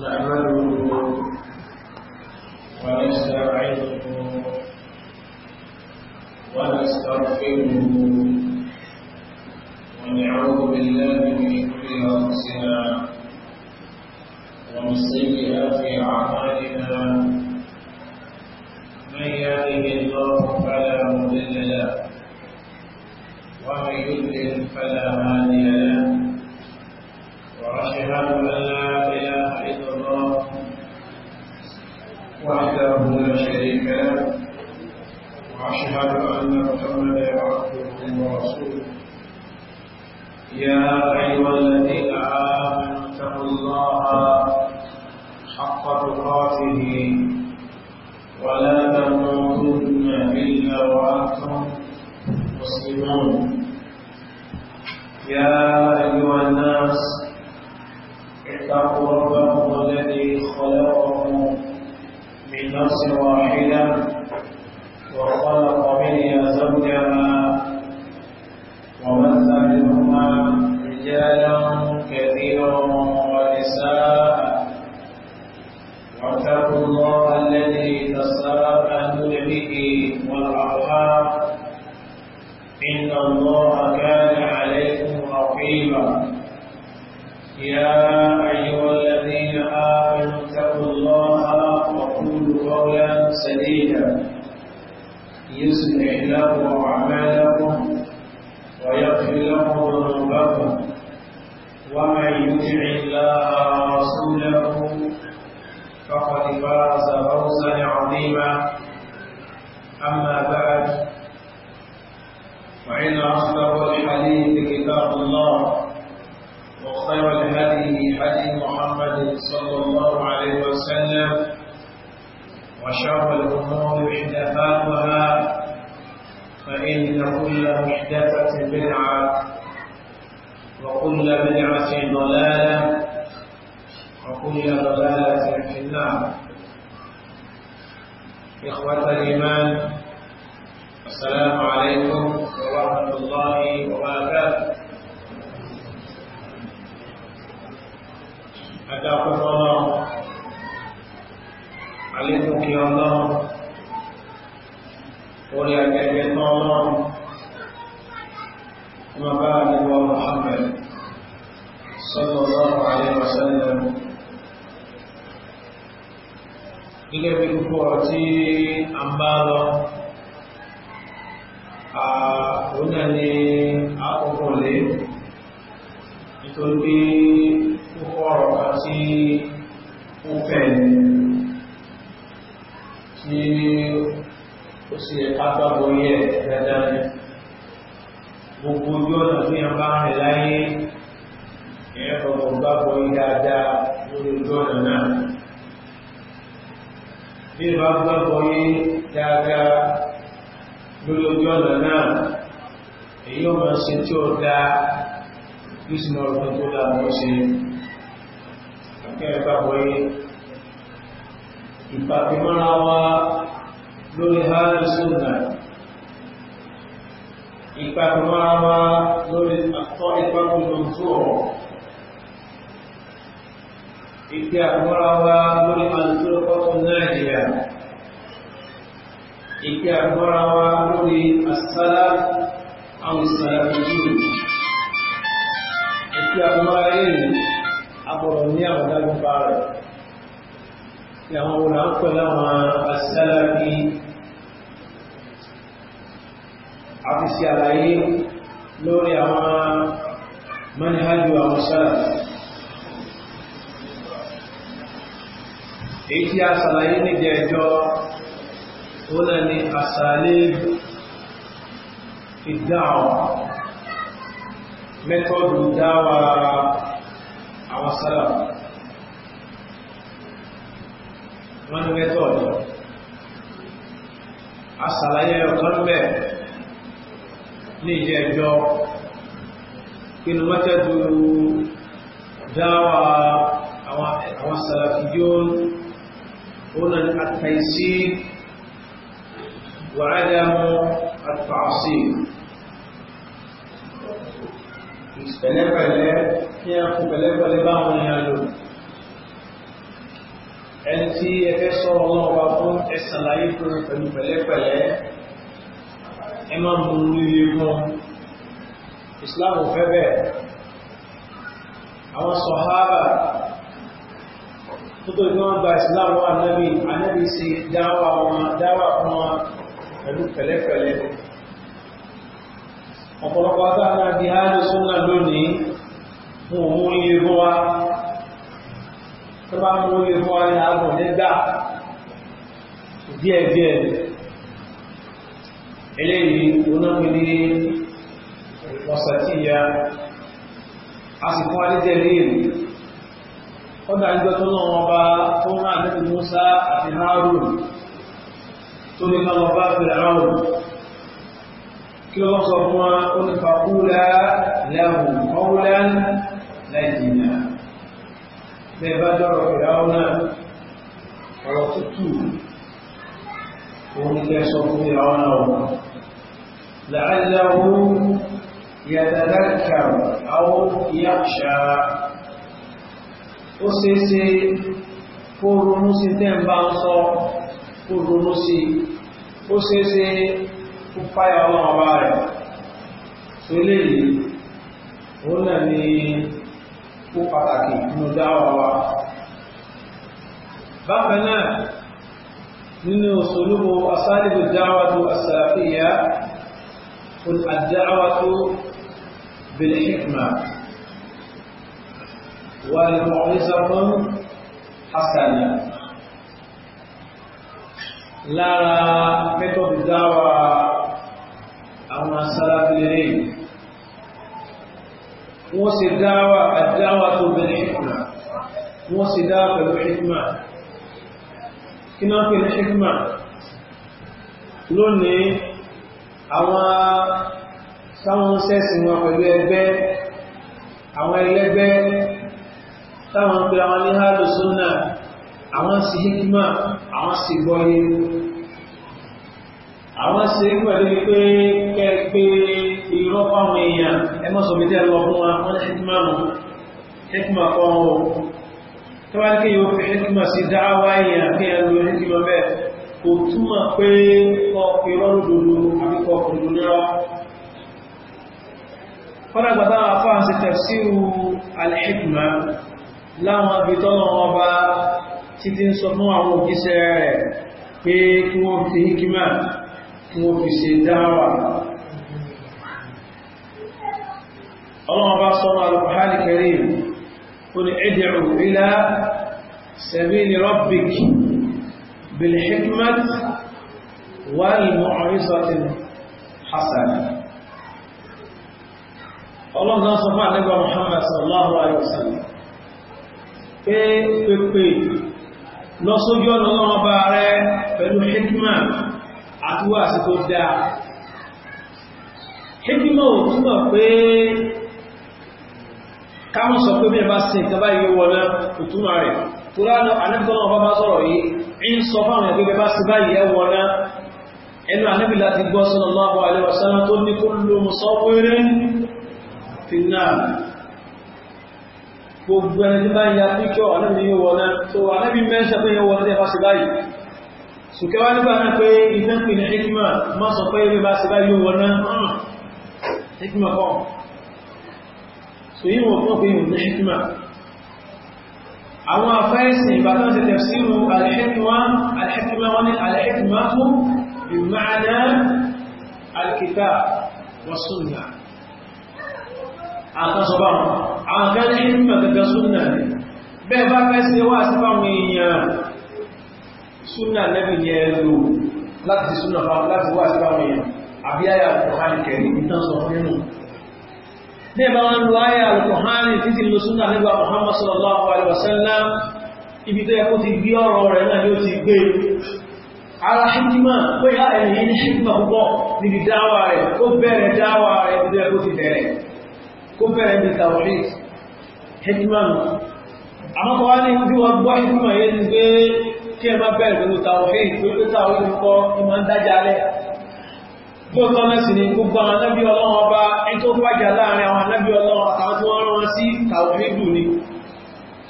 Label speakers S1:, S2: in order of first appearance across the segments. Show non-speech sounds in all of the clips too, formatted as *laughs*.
S1: نعمله ونستعينه ونستغفره ونعوذ بالله من شرور انفسنا ومن سيئات اعمالنا كيسر فرعون لعله يتذكر أو يخشى أسيسي
S2: كورنوسي تنبانصو كورنوسي أسيسي كفايا الله بارك سليلي
S1: هنا ó pàtàkì nínú dáwà wa
S2: bákan náà nínú sòlúbù asálìbù dáwàtú asàfíyà kun àdáwàtú bilhikma wà ní mọ̀rísàmún hasana lára mẹ́tọ̀bù dáwà àwọn asálàfíyà wọ́n sì dáwà àdáwàtú bilhikma wọ́n sì dáwà pẹ̀lú hikma kí náà pè ní ṣíkímà lónìí àwọn sáwọn sẹ́sìn wọn pẹ̀lú ẹgbẹ́ àwọn ẹlẹ́gbẹ́ táwọn pè àwọn ní hálùsúnà àwọn sí hikima àwọn sì gbọ́yé àwọn sì pẹ̀lú pé kẹ́ẹ̀kẹ́ irọ́ fáwọn èèyàn ẹmọ́sọ̀mídẹ́ lọ fún wọn hikima kọ́ wọn tó wá kí yóò fi hikima sí dáwà èèyàn kí ẹ lò hikima bẹ́ẹ̀ kò túmọ̀ pé ọkọ̀ ìrọ́lùdòdó àbíkọ̀ òdòdó nírọ́ kọ́nà gbàtà àfáà sí tafsiru al-hikma láwọn abitọ́nà ọba títí ń sọ fún àwọn òjíṣẹ́ rẹ̀ pé fi ṣe dáwà ọlọ́wọ́n bá sọ́nà al-Qur'an قل ادعوا إلى سبيل ربك بالحكمة والمعرصة الحسنة الله náà sọ fún àdẹ́gbà Muhammad sallallahu alaihi wasallam pé pèpè lọ sójú ọ̀nà ọlọ́run bá rẹ pẹ̀lú hikima àti wáàsí tó dáa hikima ò túnmọ̀ pé káwọn sọ pé mẹ́rin bá sin ìtàbá ìwé wọlé òtúnmà rẹ̀ tó ránà anẹ́bìtọ́nà ọba bá sọ̀rọ̀ yìí ń sọ fáwọn ẹgbẹ́ bá sí báyìí ẹ wọlé ẹnu anẹ́bì láti gbọ́ sallallahu alaihi wasallam tó ní kullu musawwirin finnar gbogbo ẹni tí máa ń ya píkọ́ anẹ́bì yóò wọlé tó anẹ́bì mẹ́sẹ̀ pé yóò wọlé bá sí báyìí sùkẹ́wà nígbà náà so yí wọn fọ́kùn yìí ní ṣíkímà àwọn afẹ́ẹ̀sì ìbátan ti tafsiru alhikima alhikima wani alhikima tó bí ma'ana alkitab wa sunna àkàsọ̀bá àwọn kan ní hikima daga sunna ne bẹ́ẹ̀ bá fẹ́ sí wá sí fáwọn èèyàn sunna nabi ni ẹ lò láti sunna láti wá sí fáwọn èèyàn àbíyáyà ní ẹ̀bá wọn lọ ayé alùkùnhánì títí lọ súnà nígbà Muhammad sallallahu alaihi wasallam ibi tó yẹ kó ti gbé ọ̀rọ̀ rẹ̀ náà yóò ti gbé ara ṣíkímà pé ha ẹ̀yìn ní ṣíkímà púpọ̀ níbi dáwà rẹ̀ kó bẹ̀rẹ̀ dáwà rẹ̀ ibi tó yẹ kó ti bẹ̀rẹ̀ kó bẹ̀rẹ̀ bí tawhid lóòtọ́ náà sì ni gbogbo àwọn anábí ọlọ́run ọba ẹni tó wájà láàrin àwọn anábí ọlọ́run àtàwọn tí wọ́n rán wọn sí tàwọ̀rídù ni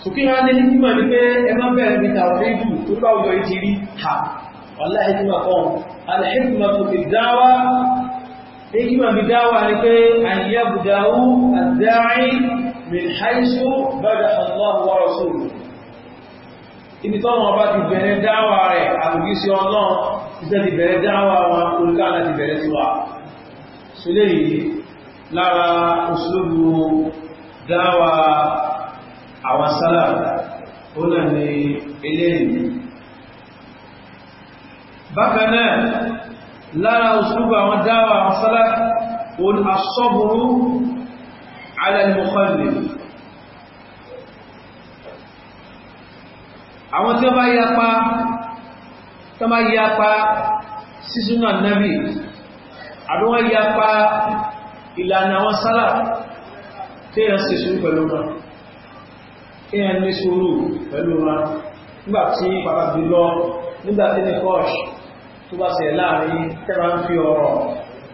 S2: sókè rán ní nígbà ní pé ẹ má bẹ̀rẹ̀ ní tàwọ̀rídù tó bá wùjọ yìí ti rí ha wàlá ẹgbìmọ̀ kan alẹ́gbìmọ̀ tó fi dáwà ibi tọ́nà ọba ti bẹ̀rẹ̀ dáwà rẹ̀ àbùkí sí ọlọ́run títẹ́ ti bẹ̀rẹ̀ dáwà wọn olùkà láti bẹ̀rẹ̀ sí wa sílé yìí lára òṣèlú dáwà àwọn sálà ó nà ní
S1: eléyìí
S2: bákan náà lára òṣèlú àwọn dáwà àwọn sálà ó asọ́bùrú alẹ́ àwọn tí ó bá yapa tó bá yapa sísúnà náàbì àbí wọ́n yapa ìlànà àwọn sálà tí yẹn sì sùúrù pẹ̀lú wọn kí yẹn ní sùúrù pẹ̀lú wọn nígbàtí bàbá bí lọ nígbàtí ní kọ́ọ̀ṣì tó bá sẹ̀ láàrin tẹ́bà ń fi ọ̀rọ̀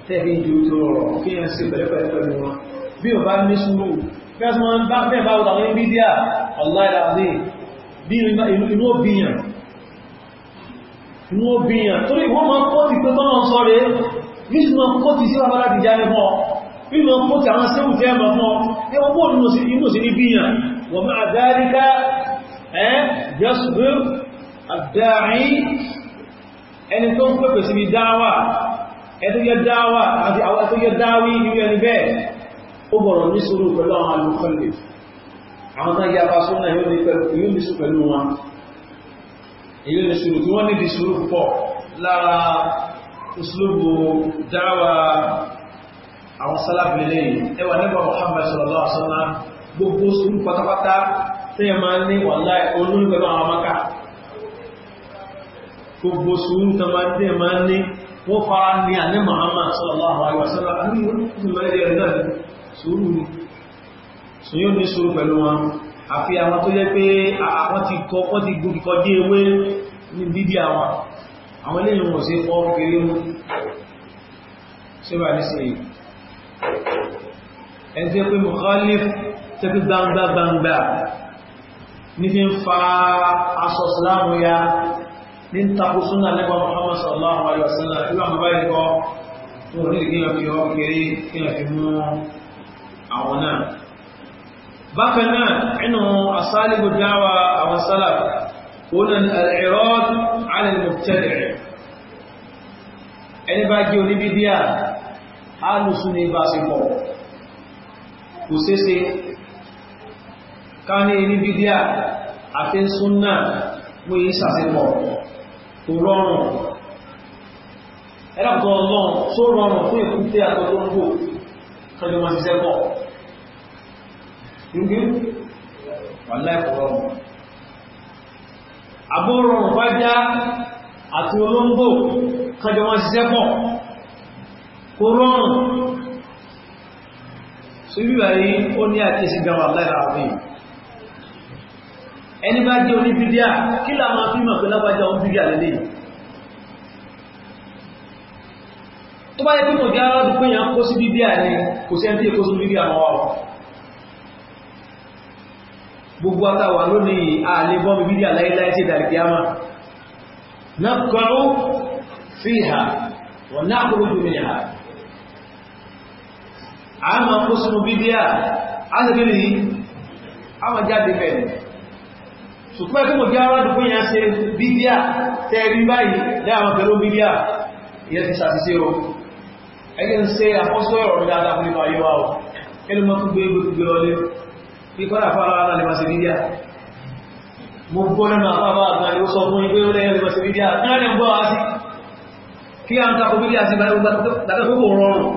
S2: tẹ́bí ju tó rọ̀ kí yẹn sì bẹ̀rẹ̀ pẹ̀lú pẹ̀lú wọn bí ò bá ní sùúrù bí wọ́n bá fẹ́ bá wùdà wọn ní bídíà ọ̀láìdà bí inú obìyàn inú obìyàn torí wọ́n máa kọ́ ti pé tọ́nà sọ rẹ̀ nísì máa kọ́ ti sí wà láti já ẹ̀fọ́ bí máa kọ́ ti àwọn sẹ́wù tẹ́ ẹ̀mọ̀ fún ẹ ọgbọ́n inú sí ní bíyàn wọ́n máa dáríká ẹ́ yẹ́sùgbé àdáàrín ẹni tó ń pẹ̀pẹ̀ sí ní dáwà ẹ̀tọ́yẹ dáwà àti àwọn ẹ̀tọ́yẹ dáwí irú ẹni bẹ́ẹ̀ ó bọ̀rọ̀ ní sùúrù pẹ̀lú àwọn alùpùpù àwọn náà yapa súnà yóò ní sùn pẹ̀lú wọn èyí ní sùúrù tí wọ́n níbi sùúrù pọ̀ lára uslubu dáwà àwọn sálàbìlẹ̀ ẹwà nígbà Muhammad sallallahu alaihi wasallam gbogbo sùúrù pátápátá tí ẹ máa ní wàláì olórí pẹ̀lú àwọn maka gbogbo sùúrù tó máa ní ẹ máa ní ni ó ní sùúrù pẹ̀lú wọn àfi àwọn tó jẹ́ pé àwọn ti kọ́kọ́ ti gbogbo kọjú ewé ní dídí àwọn àwọn eléyìn wọn sí kọ́ kiri mú ṣébà ní sí ẹni tí ó pé mukhalif tẹ́kí gbangba gbangba ní fi ń fa aṣọ ìsìláàmù ya ní takò súnà nípa Muhammad sallallahu alaihi wasallam bákan náà inú asálìbù dáwà àwọn salaf onan al'irad alal mubtadi' ẹni bá jẹ́ oníbídíà alùsù ní bá sí pọ̀ kò sése ká ní oníbídíà àti súnnà mú yí sàsípọ̀ kò rọrùn ẹlọ́gbọ̀n ọlọ́run tó rọrùn fún ìkúté àtọ́ tó sí sẹ́pọ̀ ṣùgbọ́n wàláìkọ̀ọ́ àbúrò bájá àti olóńgbò kájọ wọn ṣiṣẹ́ pọ̀ kó rọrùn ṣúrí wàrí ó ní àkíyèsí gbàmà láìra àbí ẹni bá jẹ́ oníbídíà kí là máa fíìmọ̀ pé lábájá ohun bídíà lélẹ̀ tó bá yẹ kí kò jẹ́ aláàdùn pé kó sí bídíà ni kò sí ẹni tí kó sí bídíà mọ́ gbogbo akáwà lónìí ààlè bọ́mù bídí aláìláì sí ìdàríkìyàmá nakọrọ fíhà wọ́n nákọrọ jùmìnà a ma kó sínú bídí à á sì kí lèyí a ma jáde bẹ̀rẹ̀ ṣùgbọ́n kí mo jẹ́ ara dùkú yẹn ṣe bídí à tẹ́ẹ̀rí báyìí láàrín wa o ẹnu mọ́ fún gbé bí kọ́lá fara ara lè masu bídíà mo gbọ́ nínú àpapọ̀ àgbàrí ó sọ fún ìgbé ó lẹ́yìn lè masu bídíà náà lè gbọ́ wá sí kí a ń tako bídíà sí ìbára gbàgbé gbogbo rọrùn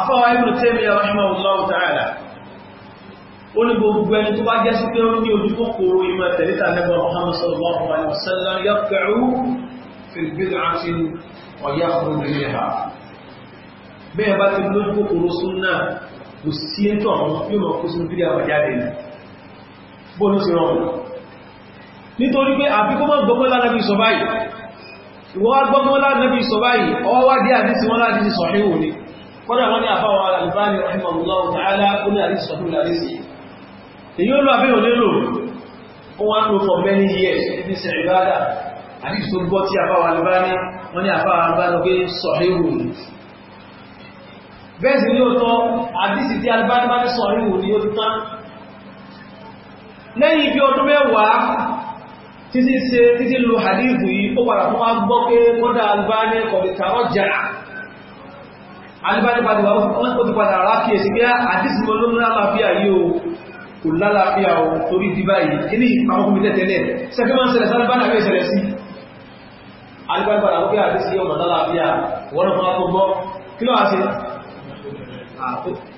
S2: afọ́wà ibùdó tẹ́mi ọmọ ọmọ tààdà ó ní gbogbo ẹni tó bá kò sí ẹ̀tọ́ yóò mọ̀ kó sínú bídíà wà jáde ní bọ́nú sí rọrùn nítorí pé àfikún mọ́ gbọ́gbọ́lá nàbí sọ báyìí ìwọ́ wá gbọ́gbọ́lá nàbí sọ báyìí ọwọ́ wá dé àdísí wọn láti sọ híhù ni kọ́dà wọ́n ní àfáwọn alàlùbáni rahimahullahu ta'ala ó ní àdísí sọ̀tún lárísí èyí ó lọ àbẹ́yàn lérò ó wá ń lò for many years ibi sẹ̀ ìbádà àdísí tó gbọ́ tí àfáwọn alàlùbáni wọ́n ní àfáwọn alàlùbáni bẹ́ẹ̀sì ní ọ̀tọ́ àdísì tí alibáníbá ní sọ̀rí wò ní ó ti tán lẹ́yìn bí ọdún mẹ́wàá títí ṣe títí lo hadithu yìí ó padà fún wa gbọ́ pé kọ́dá alibáni kọ̀díkà ọjà alibáníbá ti padà rákíyèsí pé àdísì mọ́ ló lálàáfíà yìí o kò lálàáfíà o torí di báyìí ilé àwọn kòmí tẹ́tẹ́lẹ̀ sẹ́fẹ́ máa ń ṣẹlẹ̀ sálibáni àbẹ́ ìṣẹ̀lẹ̀ sí alibáníbá ti padà wọ́n pé àdísì yìí ọmọ lálàáfíà wọ́n lọ́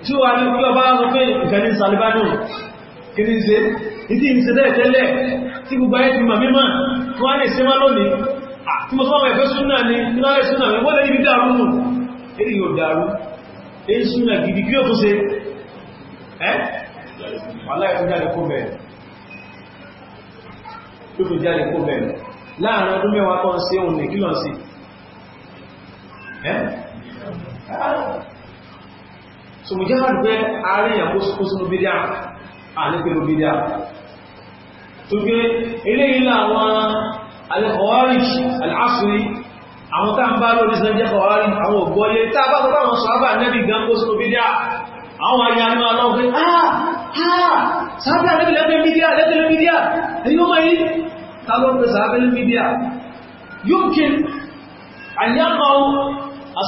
S2: tí ó wà ní orí ọba sọ pé nǹkan ní salibano kí ní ṣe ìdí ìṣẹ́lẹ̀ tẹ́lẹ̀ tí gbogbo ayé ti màmí mà wọ́n lè ṣe má lónìí tí mo sọ́wọ́ ẹ̀fẹ́ súnà ní nílẹ̀ súnà rẹ̀ wọ́n lè ibi dàrú nù èdè yóò dàrú èyí súnà gidi kí ó tún ṣe ẹ́ láàrin ọdún mẹ́wàá kan sí òun nìkílọ̀ sí ẹ́ so mo jẹ́ pé ààrẹ èèyàn kó sínú bídíà àníkèlú bídíà tó gbé eléyìí láwọn alẹ́kọ̀ọ́rìj aláṣírí àwọn tá ń bá lórí sẹ́jẹ́ kọ̀ọ́rì àwọn ògbọ́lé tá bá tó báwọn sọ́ábà nẹ́bì gan kó sínú bídíà àwọn àrí àánú alọ́gbé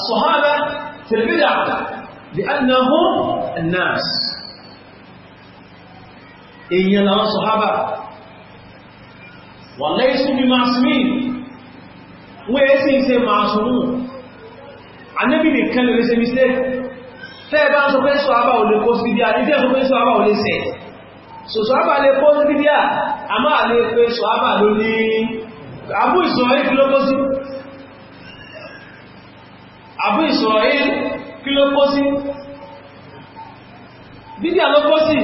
S2: sábẹ́ لأنهم الناس èèyàn làwọn sọ̀hábà wà lẹ́ìsùn bí màásùmí wọ́n yẹ́ sí ìṣẹ́ màásùmù anẹ́bì nìkan lè ṣe mistake tẹ́ẹ̀ bá sọ pé sọ̀hábà ò lè kó sí bídíà ní tẹ́ẹ̀ sọ pé sọ̀hábà ò lè ṣẹ̀ so sọ̀hábà lè kó sí bídíà a máa lè pé sọ̀hábà ló ní abú ìsọ̀rọ̀ kí ló kó sí bídíà ló kó sí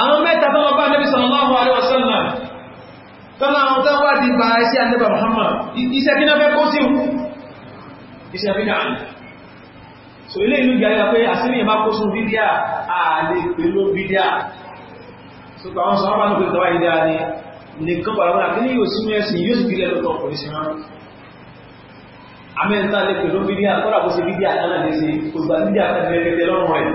S2: àwọn mẹ́ta tọ́lọ bá nẹ́bí sallallahu alaihi wasallam tọ́lọ àwọn tó wà dìgbà iṣẹ́ àdébà Muhammad iṣẹ́ kí náà fẹ́ kó sí iṣẹ́ bídíà so ilé ìlú gbáyà pé àsírí ìmá kó sún bídíà ààlè pẹ̀lú bídíà so pàwọn sọ wọ́n bá ní pẹ̀lú tọ́wà ìdíà ni nìkan pàlọ́wọ́n àti ní yóò sínú ẹ̀sìn yóò sì bídíà lọ́tọ̀ ọ̀pọ̀ ìsinmi amẹ́ta lè pẹ̀lú bídíà tọ́lá kó ṣe bídíà kan náà lè ṣe ògbà bídíà kan lè rẹ̀ lọ́rùn rẹ̀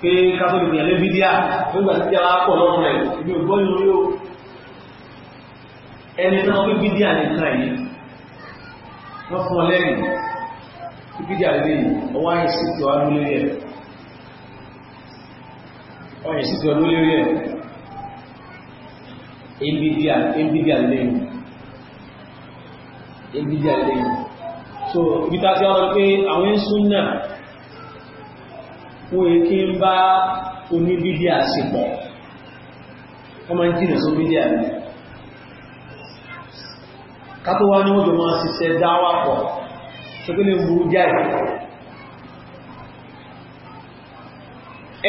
S2: pé kátólì ìyàlé bídíà tó gbà bídíà wá pọ̀ lọ́rùn rẹ̀ ibi ògbọ́n yóò rí ó ẹni náà wí bídíà nìkan yìí wọ́n fún ọ lẹ́yìn tí bídíà lè ọwọ́ àyè sí ti ìgbìjà lẹ́yìn so ìgbìta tí wọ́n pé àwọn ìsúnnà fún èké ń bá oníbídí àṣepọ̀ wọ́n máa ń jìnà só bídí àrí kátó wá ní wọ́n jọ máa ṣiṣẹ́ dáwàpọ̀ tó pé lè burú jáì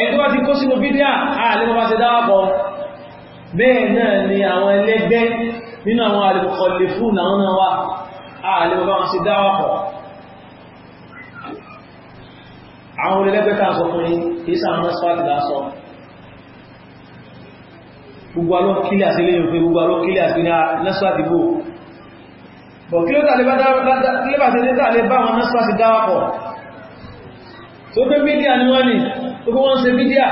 S2: ẹ̀tọ́ ti kó sínú bídí àlẹ́wọ́ bá ṣe dáwàpọ̀ bẹ́ẹ̀ náà ni àwọn ẹlẹ́gbẹ́ nínú àwọn àlẹ́kọ̀ọ́lẹ̀ fún àwọn náà wà ààlẹ́ ah, bàbá wọn sí dáwọ́pọ̀ àwọn olẹ́lẹ́gbẹ́ta sọ fún ní ìsà àwọn sọ́ọ̀tì lásọ gbogbo alọ́ kílẹ̀ àti ilé ìròfin gbogbo alọ́ kílẹ̀ àti nẹ́sọ́ọ̀tì bò bọ̀ kí ló tàlẹ́ bá wọn nẹ́sọ́ọ̀tì dáwọ́pọ̀ tó gbé mídíà ní wọ́n ni gbogbo wọn ṣe mídíà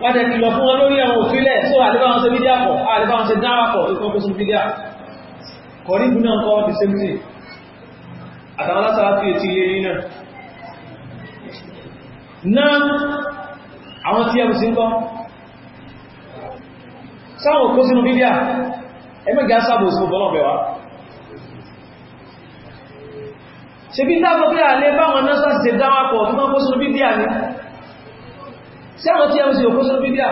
S2: wọ́n tẹ̀ kìlọ̀ fún wọn lórí àwọn òfilẹ̀ tó àlébá wọn ṣe mídíà pọ̀ àlébá wọn ṣe dáwọ́pọ̀ tó kọ́ àtàwọn látàlátì ètí ilé yìí náà náà àwọn tí ẹbù sí ń kọ́ sáwọn kó sínú bídíà ẹgbẹ́gẹ́ asábò sí ọ̀pọ̀lọpẹ̀wà ṣe bí dáàbò pé àlẹ́ báwọn náà ṣe dáwàpọ̀ tó máa kó sínú bídíà ní sáwọn tí ẹbù sí òkó sínú bídíà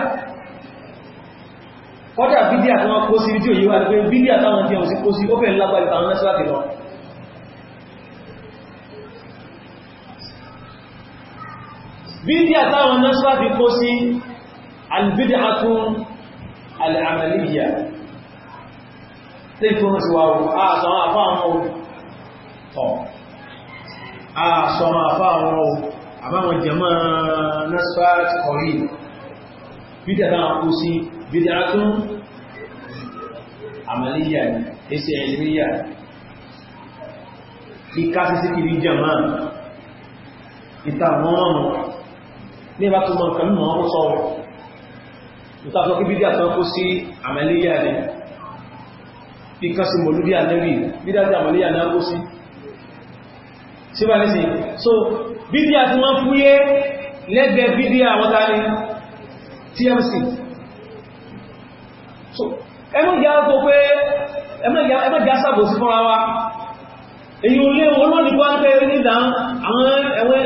S2: kọ́dà bídíà tó máa kó sí fídíò yíwá pé bídíà táwọn tí ẹbù sí kó sí ó fẹ́ lágbàlẹ̀ táwọn náà bídíà táwọn nọ́sílá fi kó sí albídíàtún al'amaliyya tí fún sí wáwọ́ àṣọ́mà fáwọn ọ̀ àṣọ́mà fáwọn ọ̀ àbáwọn jẹmọ́ nọ́sílá kọrí bídíà táwọn kó sí bídíàtún amaliyya ẹsẹ̀ ilmiyya ìkásísí kìí jẹmọ́ ìtàwọn ọmọ ní ìbá tó mọ nǹkan mọ̀ ọ́n sọ̀rọ̀ ìtàkùn kí bídíà tán kó sí àmàlẹ́yà ni ìkan sí mọ̀lúbí ànẹ́bì bídíà tí àmàlẹ́yà náà kó sí síbà nísì so bídíà tí wọ́n fúyé lẹ́gbẹ̀ẹ́ bídíà wọ́n tání tmc so ẹmọ́gá tó pé ẹmọ́gá sàbò sí fọ́nra wa èyí olóòdìkọ́ pé ní ìdá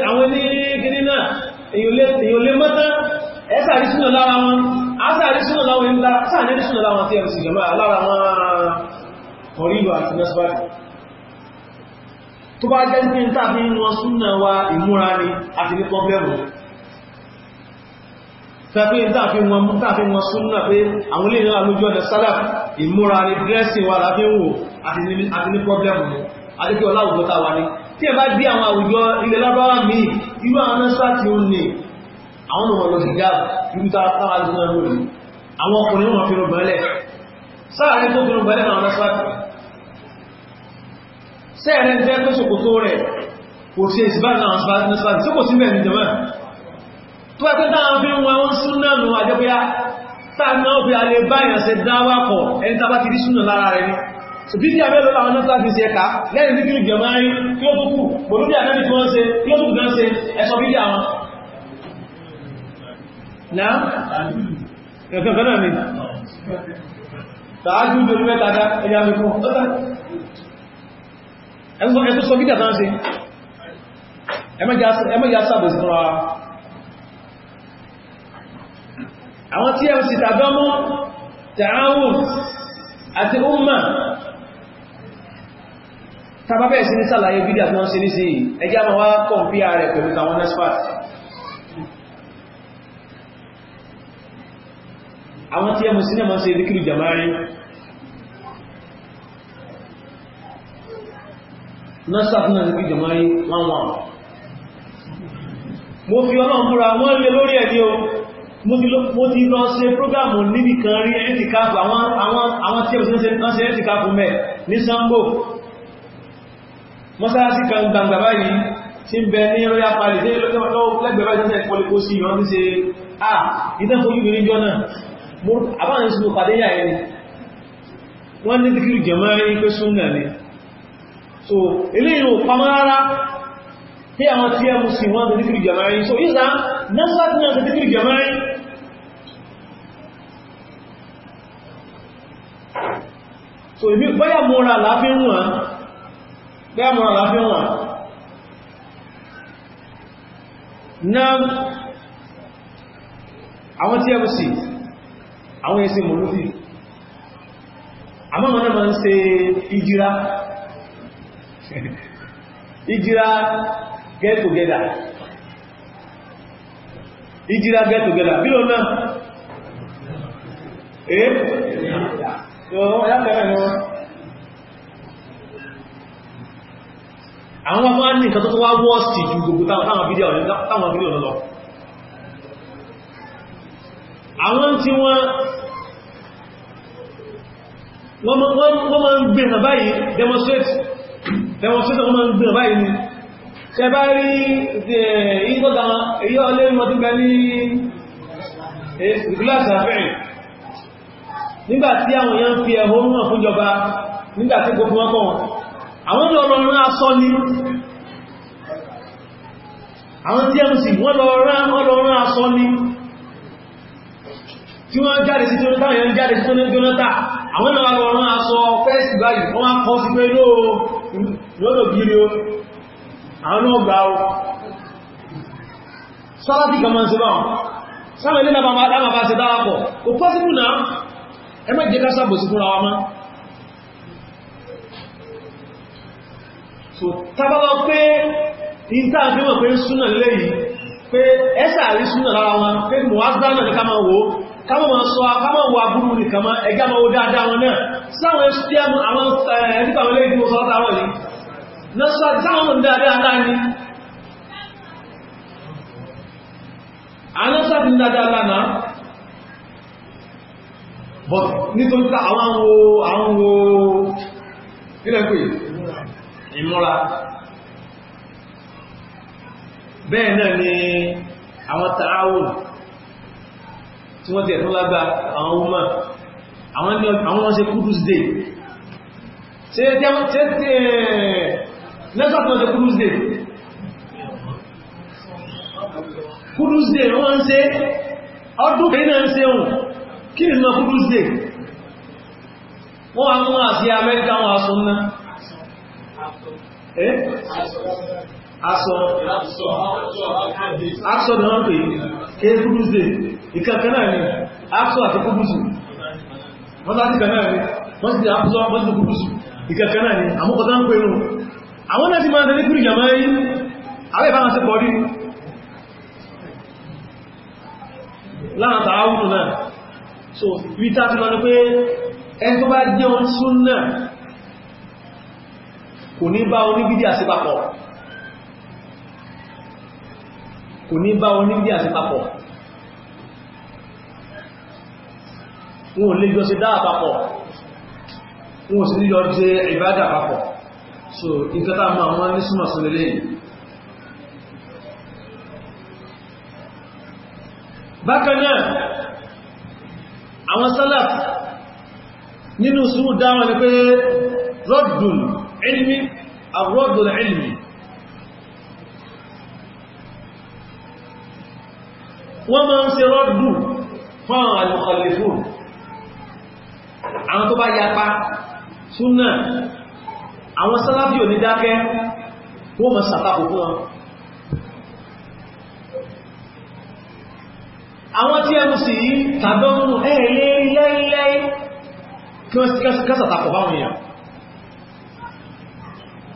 S2: àwọn ẹni gíní náà èyàn lè mọ́tá ẹ́sàrí súnà lára wọn ásàrí súnà láwọn ńlá sáàrí súnà láwọn tí ẹ̀rùsì jẹmọ́ lára wọn ọ̀rílù àti nọ́sbàtì tó bá jẹ́ ní tàbí wọn súnà wa ìmúra ni àti ní pọ́blẹ́mù tàbí tàbí wọn mú tàbí wọn súnà pé àwọn ilé ìrìnlá lójú ọ̀nà sálà ìmúra ni dressing wa lábí wò àti ní pọ́blẹ́mù ni adékẹ́ ọláwùjọ táwa ni tí ẹ bá bí àwọn àwùjọ ilẹ̀ lábáwá míì irú àwọn sáàtì ó ní àwọn ọmọ lọ sí gáà irú tá tára jù náà lórí àwọn ọkùnrin wọn fi rọ̀gbọ̀nlẹ̀ sáàrí tó fi rọ̀gbọ̀nlẹ̀ àwọn sáàtì sẹ́ẹ̀rẹ́ jẹ́ pé ṣòkòtò rẹ̀ kò sí ìsìbá náà sáàtì tí kò sí mẹ́rin jẹ́mọ́ tó ẹgbẹ́ táwọn fi wọn ń sún náà nù àjẹ́bíyá sùbídí àbẹ́lọ́lá àwọn náà fi ṣe ẹ̀ka lẹ́yìn tí kìrì jẹ̀mọ́ rí kí ó tó kù pòlúdí àmẹ́bí tí wọ́n ṣe kí ó tó kù gan ṣe ẹ̀sọ bídí àwọn náà ẹ̀kọ́ kan náà ni tààjú lórí mẹ́ta dá ẹ̀yà mẹ́kún ọ́tá ẹ̀sọ́ sọ bídí àtàwọn ṣe ẹmẹ́jà sábẹ̀ sí wa àwọn tí ẹ̀ sì tàbí ọmọ tààwọn àti ó máa sàbábẹ̀ sí ní sàlàyé bídíà tí wọ́n sí ní sí ẹjá ma wá kọ̀mpíà rẹ̀ pẹ̀lú tàwọn expert àwọn tí ẹmù sínẹ̀mọ́ sí ìdíkìrì jamari nọ́sàfínà ìdíkìrì jamari wọ́n wọ́n mo fi ọlọ́run búra wọ́n lè lórí ẹ̀dí o mo ti lọ ṣe prógámù níbi kan rí ẹ̀ẹ́tìkáàkù àwọn tí ẹmù sí ní ẹ̀ẹ́tìkáàkù mẹ́ ní Sango mọ́sálásí kan gbangba báyìí tí ń bẹ ní royal palace ní lẹ́gbẹ̀ẹ́ báyìí tẹ́ pọ̀lẹ̀kọ́ sí ìwọ́n ní ṣe ah ìtẹ́ fún ìgbìrì jọ náà àbáyé sí pàdé yà ẹni wọ́n ní díkìrì jẹmọ́ ẹni pé súnnà ni so ilé ìrò pamọ́ rárá tí àwọn tí ẹ mú sí wọ́n ní díkìrì jẹmọ́ ẹni so ìzá nọ́sàtí náà ti díkìrì jẹmọ́ ẹni so ìbí bọ́yà mọ́ra láàfin wọn bẹ́ẹ̀ mọ́ àlàáfíà wà náà àwọn tí ẹ̀rù sí àwọn ẹ̀sìn mọ̀lúfì àmọ́mọ́ náà ma ń ṣe ìjírá ìjírá get together ìjírá get together bí lọ náà ọ̀rọ̀ náà àwọn ọmọ ní nǹkan tó tó wá wọ́ọ̀sì ju gbogbo táwọn fídíò lọ àwọn tí wọ́n wọ́n máa ń gbé nà báyìí demonstrate demonstrate wọ́n máa ń gbé nà báyìí ni ṣe bá rí ìgbọ́gbà èyí ọlé mọ́tígbà ní eh, ìgbìláṣà fẹ́rin nígbàtí àwọn èèyàn fi ẹ̀hónú àfúnjọba nígbàtí gbogbo wọn kọ́ àwọn lọ lọ rán aṣọ ní àwọn tmc wọ́n lọ rán aṣọ ní tí wọ́n jáde sí tónítà yẹn jáde sí tónítà àwọn lọ lọ rán aṣọ fẹ́sì báyìí wọ́n wá kọ́ sí pé lóòrò gírí o àwọn náà o sọ́lábì kan máa ń ṣe bá ṣe dáwàpọ̀ so tábàbá pé ìntàbímọ̀ pé súnà lè yìí pé ẹ́sà rí súnà lára wọn pé mọ̀wázánà ní kama wo kama ma sọ kama wo agbúrú ní kama ẹgbẹ́ ma wo dáadáa wọn náà sáwọn ẹ̀sùn àwọn ẹ̀díkàwọn lè dìbò sọ́ta wọn ni na sọ sáwọn mọ̀ dáadáa ní àwọn sáàtì dáadáa lánàá but nítorí àwọn wo àwọn wo ilẹ̀ pé ìmúra bẹ́ẹ̀ náà ni àwọn tààwùn tí wọ́n ti ẹ̀tún lágbà àwọn ọmọ àwọn ní àwọn wọ́n ṣe kúrùs day ṣe tí wọ́n ṣe tí lẹ́sọ̀tí wọ́n ṣe kúrùs day kúrùs day wọ́n ṣe ọdún pé náà se hùn kí ni mọ́ kúrùs day wọ́n wá mú àti amẹ́ríkà wọn aṣọ ẹ́ eh?
S1: aṣọ aṣọ ni wọ́n pè
S2: kéé kúrús dé ìkankan náà ni aṣọ àti kúrúsù wọ́n láti kan náà ni wọ́n sì aṣọ wọ́n sì kúrúsù ìkankan náà ni àmúkọ̀tá ń pè rùn àwọn náà ti máa tẹ́lé kúrú ìjàmá yìí àwọn ìbáwọn sí pọ̀ rí láàrín tààwùn náà so ibi tá a ti lọ ni pé ẹni tó bá jẹun sún náà kò ní bá oníbídí àṣepapọ̀ kò ní bá oníbídí àṣepapọ̀ wọn ò lè jọ ṣe dáa papọ̀ wọn ò sì ní yọ jẹ ìbádà papọ̀ so nǹkan tá máa wọ́n ní súnmọ̀ sún lélẹ̀ bákan náà àwọn sálàf nínú sùúrù dáwọn ni pé rọ́dùn العلمي الرد العلمي wọ́n máa ń ṣe rọ́dù fún al-mukhallifun àwọn tó bá yapa súnnà àwọn sàláfì ò ní dákẹ́ wọ́n máa sàtàkù fún wọn àwọn tí ẹnu sì yí tàbí ọmọ ẹ̀ẹ́lẹ́ ilẹ́ ilẹ́ kí wọ́n sí kásàtàkù báwọn èèyàn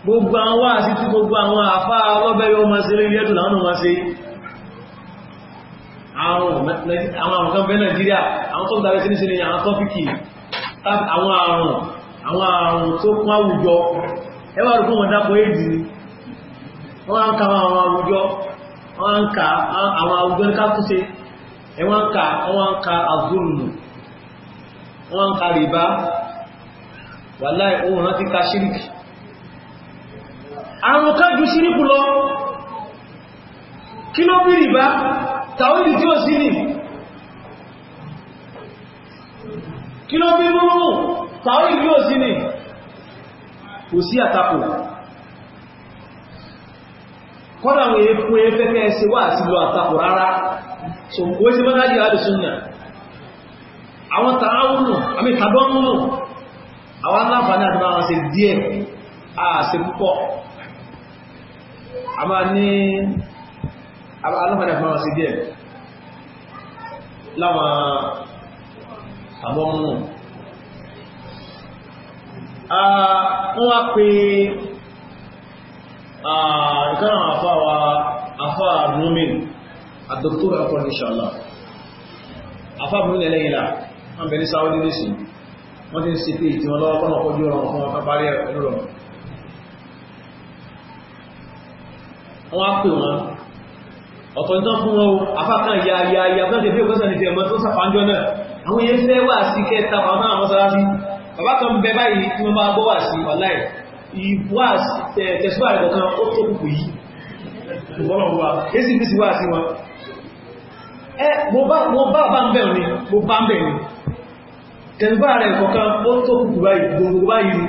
S2: gbogbo àwọn àti tí gbogbo àwọn àfá ọlọ́bẹ̀rẹ̀ ọmọ sí rí lẹ́dùn láwọn ọmọ sí àwọn àrùn bẹ́ Nàìjíríà àwọn tó dáre sínú sínú àwọn tọ́fíkì àwọn àrùn àwọn àrùn tó kún àwùjọ àrùn kájú ṣíríkù lọ kí ló bí rìbá tàwídì tí ó sí ní kí ló bí múrùn tàwídì tí ó sí ní kò sí àtakò kọ́nà àwọn èèkùn ẹfẹ́fẹ́ ẹsẹ wà sí lọ àtakò rárá so kò sí mọ́lájì àdìsúnnà àwọn tààrùnù àmì tàbọ́nù àwọn aláfàní àti máa ṣe díẹ̀ àṣẹ púpọ̀ a máa ní aláfàdà fún àwọn sí díẹ̀ láwọn àwọn ọmọ wọ́n wá pé ìkọ́nà àfáwà àfáà nómìn àdókòrò àpọ̀ inshallah àfáà mú lẹ́lẹ́ ìlà wọ́n bẹ̀rẹ̀ sáwọ́dé lẹ́sìn wọ́n ti ń ṣe pé ìtìwọ́n lọ́wọ́ kọ́nà kọjú ọ̀rọ̀ fún ọkà parí ẹ̀rọ wọ́n á pè wọn ọ̀tọ̀ ìtàn fún wọn afákan ya ya ya fẹ́ǹtẹ̀ bí òkúsàn ní tẹ̀mọ́ tó sàfàájọ́ náà àwọn yẹn fẹ́ wà sí kẹta bàbá àwọn sáráṣí bàbá kan bẹ báyìí tí wọ́n bá gbọ́ wà sí wàláì ìwà tẹ̀síwà ìkọ̀kan ó tó kùkù yìí ìwọ́nàwà èsì bí sí wà sí wọn ẹ mo bá bá ń bẹ̀rẹ̀ ni mo bá ń bẹ̀rẹ̀ tẹ̀síwà rẹ̀ ìkọ̀kan ó tó kùkù báyìí gbogbo báyìí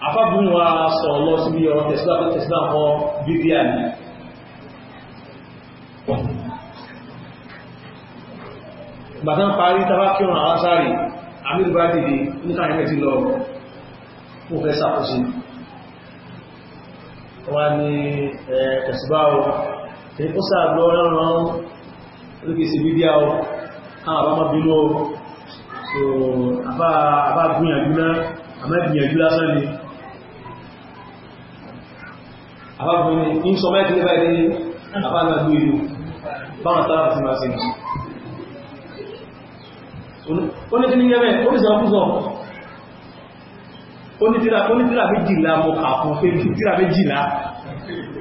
S2: afábùn wa sọ lọ sí bí ọ̀rọ̀ tẹ̀sílá tó tẹ̀sílá kọ bíbí àmì bàtà ń parí tàbá kí wọn àwọn sáré àmìlú bá dìde níta ẹgbẹ́ ti lọ fún fẹ́ sàkóso wọn ni tẹ̀sílá ọ tẹ̀sílá ó sàgbọ́ ọlọ́run oríkèsí bíbí àwọ àwọn ọmọbìnú ọ àbá gbìyànjú náà àmẹ́gbìyànjú lásán ni àbábìnrin ní sọ mẹ́tí ní báyìí ní àbánagbó ìlú báwọn tààrà sí máa sí ní ó ní kí ní yẹ́mẹ́ ó ní sọ́kúsọ́ ó ní tíra méjìlá mọ́ àfún pé tíra méjìlá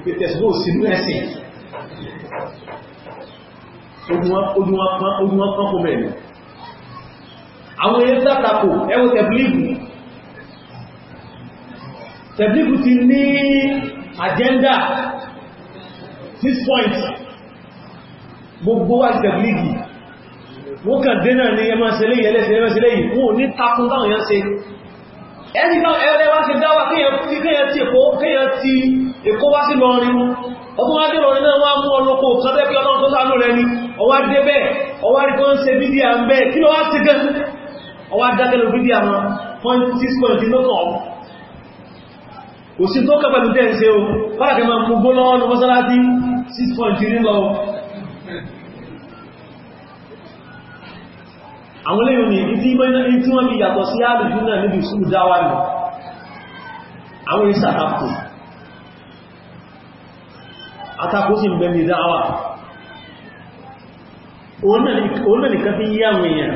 S2: pẹ̀tẹ̀sùgbò sí ní ẹ̀sìn ojú wọn pán kó mẹ́rin àwọn èyí tàtàkù ẹwọ́ tẹ̀blígù tẹ̀blígù ti ní agenda six points gbogbo àtẹ̀lìgì wọ́n kàn dínà ní ẹmọ sílé ẹlẹ́sẹ̀ ẹmọ sílé yìí wọ́n ní takun táwọn yẹn ṣe ẹni náà ẹrẹ wá ti dáwà kíyàn ti èkó wá sí lọrin ọdún wá dé lọrin náà wá mú ọlọ́pọ̀ kọ́tẹ́ kò sí tó kẹfẹ̀lú tẹ́ ṣe o pàtàkì ma mú gbóná ọlọ́ mọ́sálásí 6.3 lọ àwọn olóyìn ní ìdí mẹ́rin tí wọ́n fi yàtọ̀ sí àrùjú náà níbi ìṣúrù dáwà ní àwọn ìṣà àtàkù àtàkù sí ìgbẹ̀mì dáwà òun náà nìkan fi yí àwọn èèyàn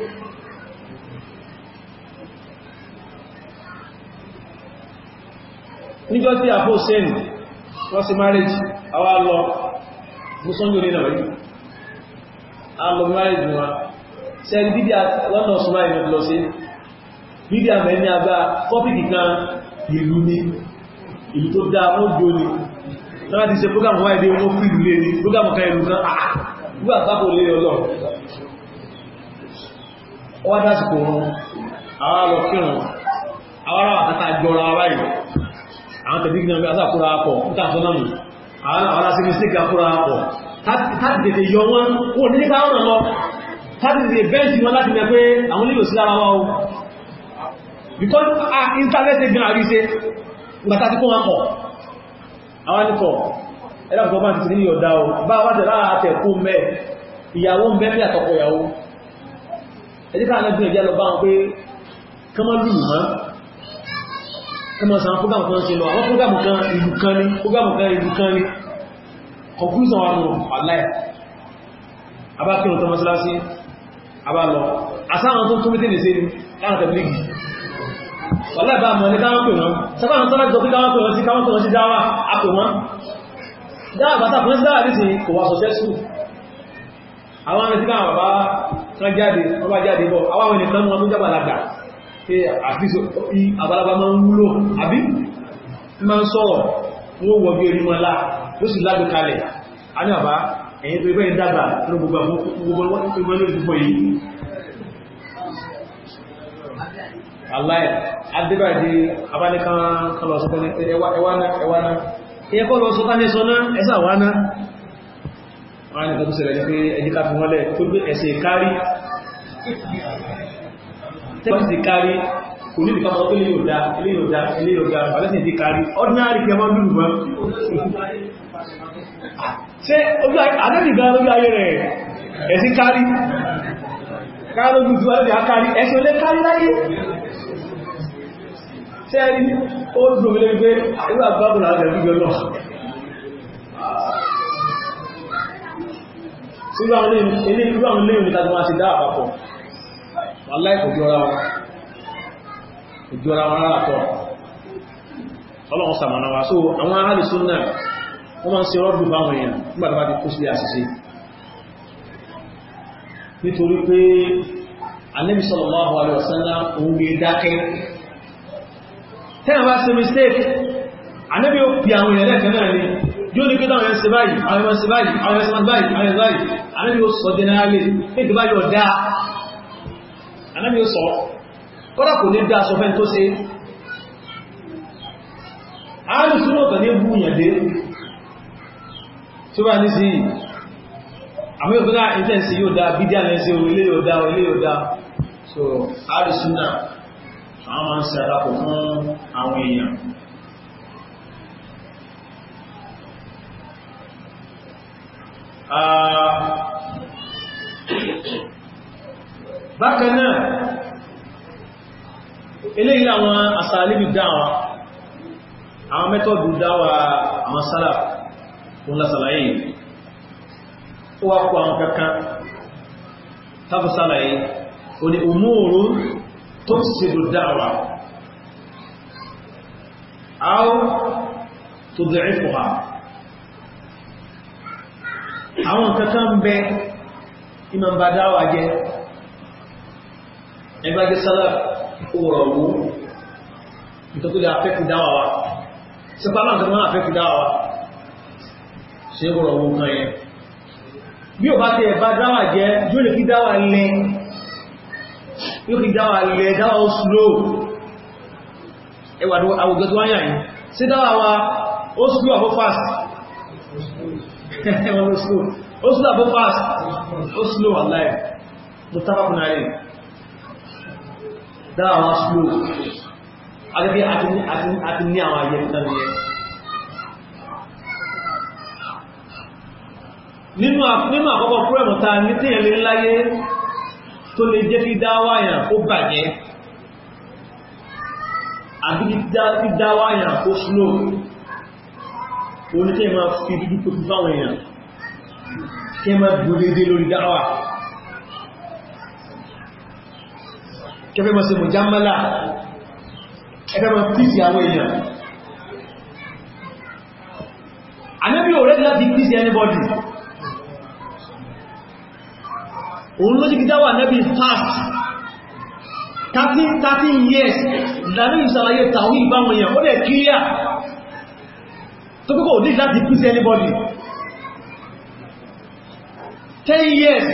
S2: níjọ́ tí àpò sẹ́ni wọ́n sí marriage àwa lọ mùsùlùmí ní nàìjíríà àlọ́ marriage wọn sẹ́ni bíbí lọ́nà ọ̀sùnmá ìlú lọ sí bíbí àmẹ́ ní agbá tọ́pìkì kan ìlú ni ìlú tó dáa ó jò ní náà ti ṣe program wáyé dé wọ́n fún ìlú lé ní program kan ìlú kan àgbà sápò lé ọlọ́ wọ́n dásìkò wọn àwọn àlọ́ kírun àwọn àwọn àkàtà jọra wáyé àwọn tẹ̀bíkì náà gbáza kúra pọ̀ nítàtọ́nàmù àwọn asìnkìsíkà kúra pọ̀ tàbí tètè yọ wọn kó ní nípa ọ̀nà lọ tàbí tètè bẹ́ẹ̀sì wọn láti mẹ́ pé àwọn lílò sí lára wọn because a internet gan àrí ṣe gbàtà tí kó wọn kọ̀ àwọn nìkọ̀ ẹlẹ́gbọ̀n bá ti ní ọ̀dá o bá wá tẹ̀ lára àtẹ̀kún mẹ́ ìyàwó mẹ́ bí àtọkọ ìyàwó ẹjẹ́ káà lẹ́gbẹ̀ẹ́ lọ bá wọn pé kọ́mọ́lù mọ́ ẹmọ sàn program kan ṣe lọ àwọn program kan ìlú kan ní program kan ìlú kan ní conclusion wa nù aláì abá kí ọ̀tọ́ mọ́sílásí abá lọ asáwọn tó tún mítìlì sí ní láàrín tẹ̀blígì wọ́lá ìbá mọ̀ ní káwọn pè wọ́n sábàrán sọ́lá ìjọ pé káwọn pè wọ́n sí káwọn pè wọ́n sí dáwà apè wọ́n dáwà bá sàfún sí dáwà nìsìn kò wà sọ̀sẹ́sù àwọn ẹni tí káwọn bàbá kan jáde wọ́n bá jáde bọ̀ àwọn ẹni kan wọn tó jábà lágbà pé àfíṣò àbálábá máa ń wúlò àbí máa ń sọ̀rọ̀ wọ́n wọ́n bí orí mọ́lá ló sì lágbé kalẹ̀ àní àbá ẹ̀yìn tó ibẹ́ ìdàgbà ní gbogbo àwọn gbogbo ní ìgbogbo yìí
S3: aláì adébàdé
S2: abáníkan kọlọ̀ sọ́kọ́ ní ẹwàná ẹwàná ẹyẹ kọlọ̀ sọ́kọ́ ní sọ́ná ẹsà wáná wọ́n ni kọ́ tó sẹ̀rẹ̀ ní pé ẹjíká fi wọ́lẹ̀ tó gbé ẹ̀sẹ̀ kárí tẹ́lẹ̀ sí kárí kò ní ìkàmọ́ pé lè dá ilé yóò dá ilé yóò dá àbẹ́sìn ti kárí ordinary kẹmọ́ dúdú mọ́ ṣe àdẹ́bìgbà lórí ayé rẹ̀ ẹ̀sí kárí káàlógún tí wọ́n lè kárí ẹ̀sìn olé kárí láyé
S3: tẹ́rí ó
S2: dùn lé gbé irú àgbàbùn àdẹ́bìgbà lọ Irú àwọn ilé ìrìnlẹ̀ ìrìnlẹ̀ ìrìnlẹ̀ wàláì kò jọra wọn
S3: kò jọra wọn rárá tọ́
S2: ọlọ́run sàmànà wà so àwọn alìsún náà wọ́n máa ń ṣe rọ́dù báwọn èèyàn nígbàtà bá ti kó sí àṣìṣe nítorí pé Ànábì sallallahu alaihi wasallam òun lè dákẹ́ tẹ́yà bá ṣe mistake Ànábì ó pì àwọn èèyàn lẹ́ẹ̀kẹ́ náà ni yóò ní anábí ó sọ kọ́lá kò ní dá sọ fẹ́ tó ṣe alùsúnà tàn ní búyàndé tó bá ní sí àmì òkúnlá ìtẹ́sí yóò dá bídí àlẹ́sí orílẹ̀ yóò dá orílẹ̀ yóò dá so alùsúnà àwọn máa ń ṣe àdàpọ̀ fún àwọn èèyàn Ah bákan náà eléyìí àwọn asàlébì dáwà àwọn mẹ́tọ̀dù dáwà àwọn sálà fún lásàlàyé ó wá kó àwọn kankan tàbí sálàyé ó ní umúrù tó sì dù dáwà áwọ́ tó dẹ̀rí fún àwọn kankan bẹ ìmọ̀ bá dáwà jẹ́ ẹgbẹ́ gbé sálà òwòrán owó nítorí lè afẹ́kù dáwà wa sípàlá nǹkan máa afẹ́kù dáwà wa ṣe é wòrán owó kan yẹn bí o bá tẹ ẹ̀bá dáwà jẹ́ yóò lè fi dáwà lẹ yóò fi dáwà lẹ dáwà ó slow ẹwà àwògẹ́ tó wáyà yìí sí dáwà wa ó slow àbó *laughs* fast ó slow àbó fast ó slow alive dára wá slow agbẹ́gbẹ́ àti ní àwọn ayé nǹkan ni ẹ nínú àkọ́kọ́ púrẹ̀mù ta ní tí ẹ̀lẹ́ láyé tó lè jẹ́ kí dáwáyà ó bàjẹ́ àbí kí dáwáyà ó slow oníkẹ́ ma fi dúdú kò fún fáwọn èèyàn kí ẹ ma gbòdédé lórí dáwà ẹgbẹ́ mọ́ sí mọ̀ jámọ́lá ẹgbẹ́ mọ́ pìsì àwọn èèyàn anẹ́bí ò rẹ́dì láti pìsì anybody òun ló jíkítà wà anẹ́bí fast 13 13 years ìlànà ìsàlàyé tàwọn ìbáwọn èèyàn ó lẹ̀ kíyà tó kókò òdí láti pìsì anybody 10 years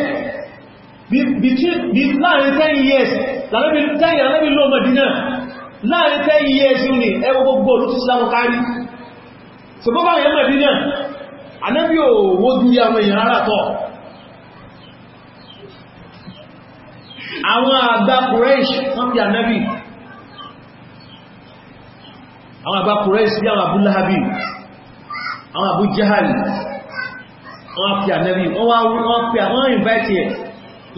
S2: between láàrin 10 years láàrin ànábì ló Mẹdínà láàrin tẹ́ iye ẹ̀sùn ní ẹwọ gbogbo olú ti sáwọn kárí so gbogbo àwọn Mẹdínà ànábì ò wó ju àwọn èèyàn ara tọ́ àwọn àgbà àwọn àgbà bí àwọn àwọn wọ́n pè wọ́n pè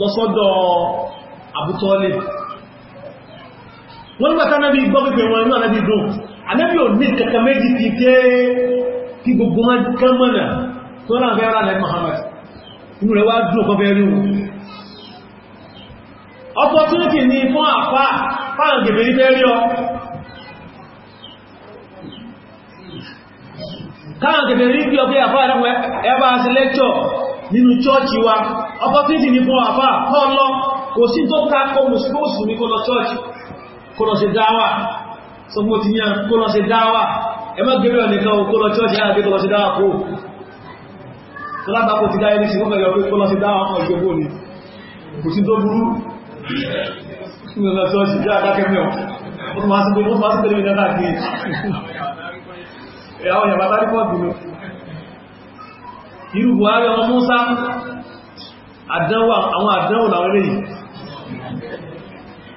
S2: àwọn ẹ̀ wọ́n nígbàtá náàbí gbọ́ pípẹ̀ wọn inú ò ní kẹta méjì ti kí gbogbo wọn kẹ́mọ̀nà tó fẹ́ lẹ́mọ̀ inú rẹ̀ wá dùn opportunity ni fún àfá fáwọn gẹ̀gẹ̀ ní fẹ́ rí káwọn gẹ̀gẹ̀ rí bí ọgbẹ́ wa opportunity ni fún àpá kọ́ lọ kò sí tó ká kọ́ mùsùlùmí lọ kó lọ ṣe dáwà sọ mọ́ ti yàn kó lọ ṣe dáwà ẹ má gbé bẹ́ẹ̀ nìkan kó lọ chọ́ọ̀ṣì àgbẹ̀ kó lọ ṣe dáwà kó tọ́lábàkó ti dáyé ní sí wọ́n mẹ́rẹ̀ kó lọ ṣe dáwà ọmọ ìjọgbó ni kò sí tó burú irú buhari ọmọ Musa àdánwò àwọn àdánwò làwọn eléyìí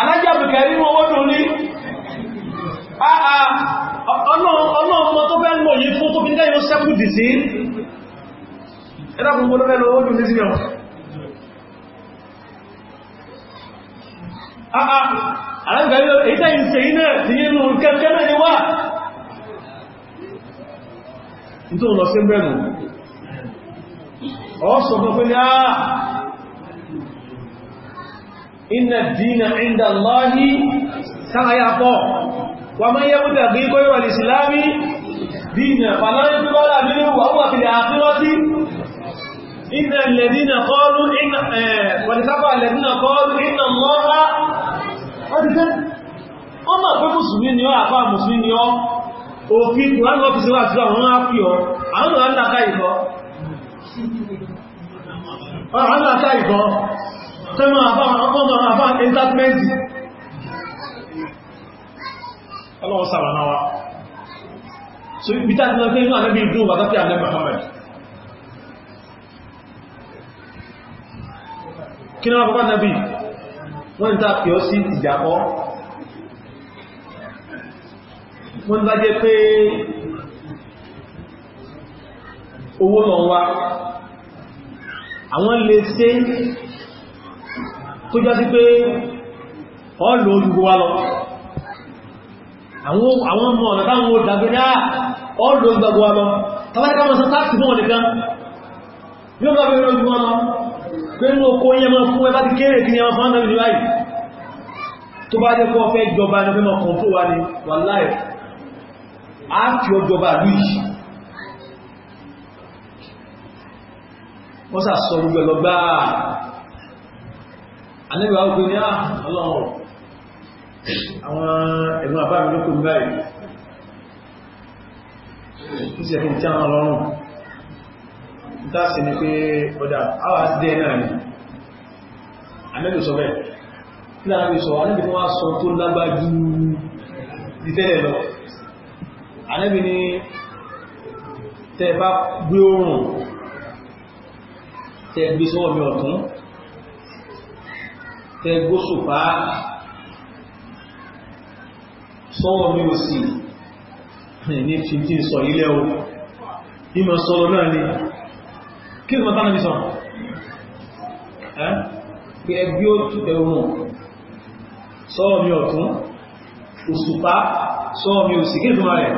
S2: alájá bẹ̀kẹ̀ nínú owó dùn ní ọlọ́ọ̀mọ tó bẹ́ lọ yìí fún tó fi jẹ́ yóò sẹ́kù dì sí ẹ̀dàkùn gbọ́dọ̀ lọ owó dùn ní sílẹ̀ alájá èyí tẹ́yìn sèyí náà ti yínú kẹ́kẹ́ náà ni wá nítorí lọ sí bẹ́ẹ̀ iná dínà ìndà lọ́hí sáyàpọ̀ wà máa yẹ mútẹ̀ bí kó yíwa ìsìlámi
S3: dínà pàlọ́yìn tó lọ́la
S2: nínú wà wà fìlẹ̀ àfírọ́tí iná lẹ́dínà kọlu wàdìsápà lẹ́dínà kọlu iná lọ́ha ọdíkẹ́ ọ máa pẹ́ mùsùlùmí ni ọ àfá mùsùlùmí ni ọ òfin kùránì ọ́fíìsì wà sí àwọn ápì ọ àwọn ọ̀rọ̀ ńlá ká ìbọn tẹ́mọ̀ àbá ọmọ àbá ẹntàtmẹ́ntì ọlọ́wọ́ sára náà so ibi tàbí náà inú àrẹ́bí ìdún wà àrẹ́ Muhammad kí náà bàbá nàbí wọ́n ń tàbí sí ìjàkọ́ wọ́n ń dájẹ́ pé owó lọ wá àwọn lè ṣe tó já sí pé ọlọ olùgbò wa lọ àwọn ọmọ ọ̀nà táwọn olùdàgbẹ́dá ah, ọlọ olùgbàgbò wa lọ tàbátàkà wọn sọ táàkì fún ọ̀nìkan yóò bá bẹ̀rẹ̀ olùgbò wọn lọ pé ní oko yẹ mọ́ fún ẹbá ti kéré kí ni ẹwọ́n fún ọ̀nà ìlúwáyì tó bá jẹ́ kọ́ fẹ́ jọba ní fẹ́ mọ́ kọ̀ọ̀tọ́ wa ni wà láì á fi ọjọba lùí wọ́n sà sọ gbogbo ẹ̀lọ́gbàá àníbà ó pè ní ọlọ́run àwọn ẹ̀gbọ́n àbámi ló kò báyìí ó sì ẹ̀kùn tí àwọn ọlọ́run dáṣì ní pé ọdá àwà ti dẹ́ náà ni àníbà sọ bẹ́ẹ̀ kí láàrín sọ àníbà wọ́n sọ tó lágbá ju títẹ́lẹ̀ lọ àníbà ni tẹ́ bá gbé oòrùn tẹ́ gbé sọ́wọ́ mi ọ̀tún tẹ gósù pa sọ́wọ́ mi ò sí ní fi tí sọ ilẹ̀ o ìmọ̀ sọ́rọ̀ náà ni kí ni mọ̀tánà mi sọ pé ẹgbẹ́ ó túnbẹ̀ ohun sọ́wọ́ mi ọ̀tún òṣùpá sọ́wọ́ mi ò sí kí ni mọ̀ rẹ̀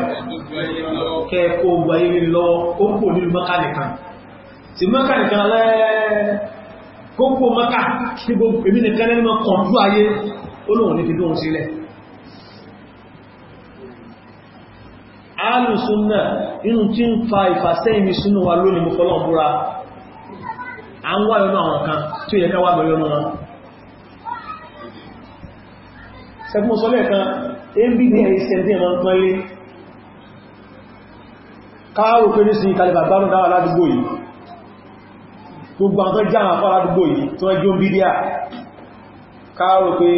S2: kẹ́ẹ̀kọ́ gbà ilé lọ ó kò nílùú mọ́kànìkan ti mọ́kànìkan lẹ́ẹ̀ẹ́ kókó maka tí gbogbo èmì nìkan lẹ́nu kọ̀ọ̀dú ayé olóhun ní fi lóhun sílẹ̀ alùsúnnà inú tí ń fa ìfàsẹ́ ìmì súnú wa lónìí mú fọ́lọ̀ búra a ń wá yọnú àwọn kan tí ó yẹ káwà lọ́yọnú wọn gbogbo àwọn tọ́já àwọn afárá àdúgbò yìí tí wọ́n jó ń bídíà káàrò pé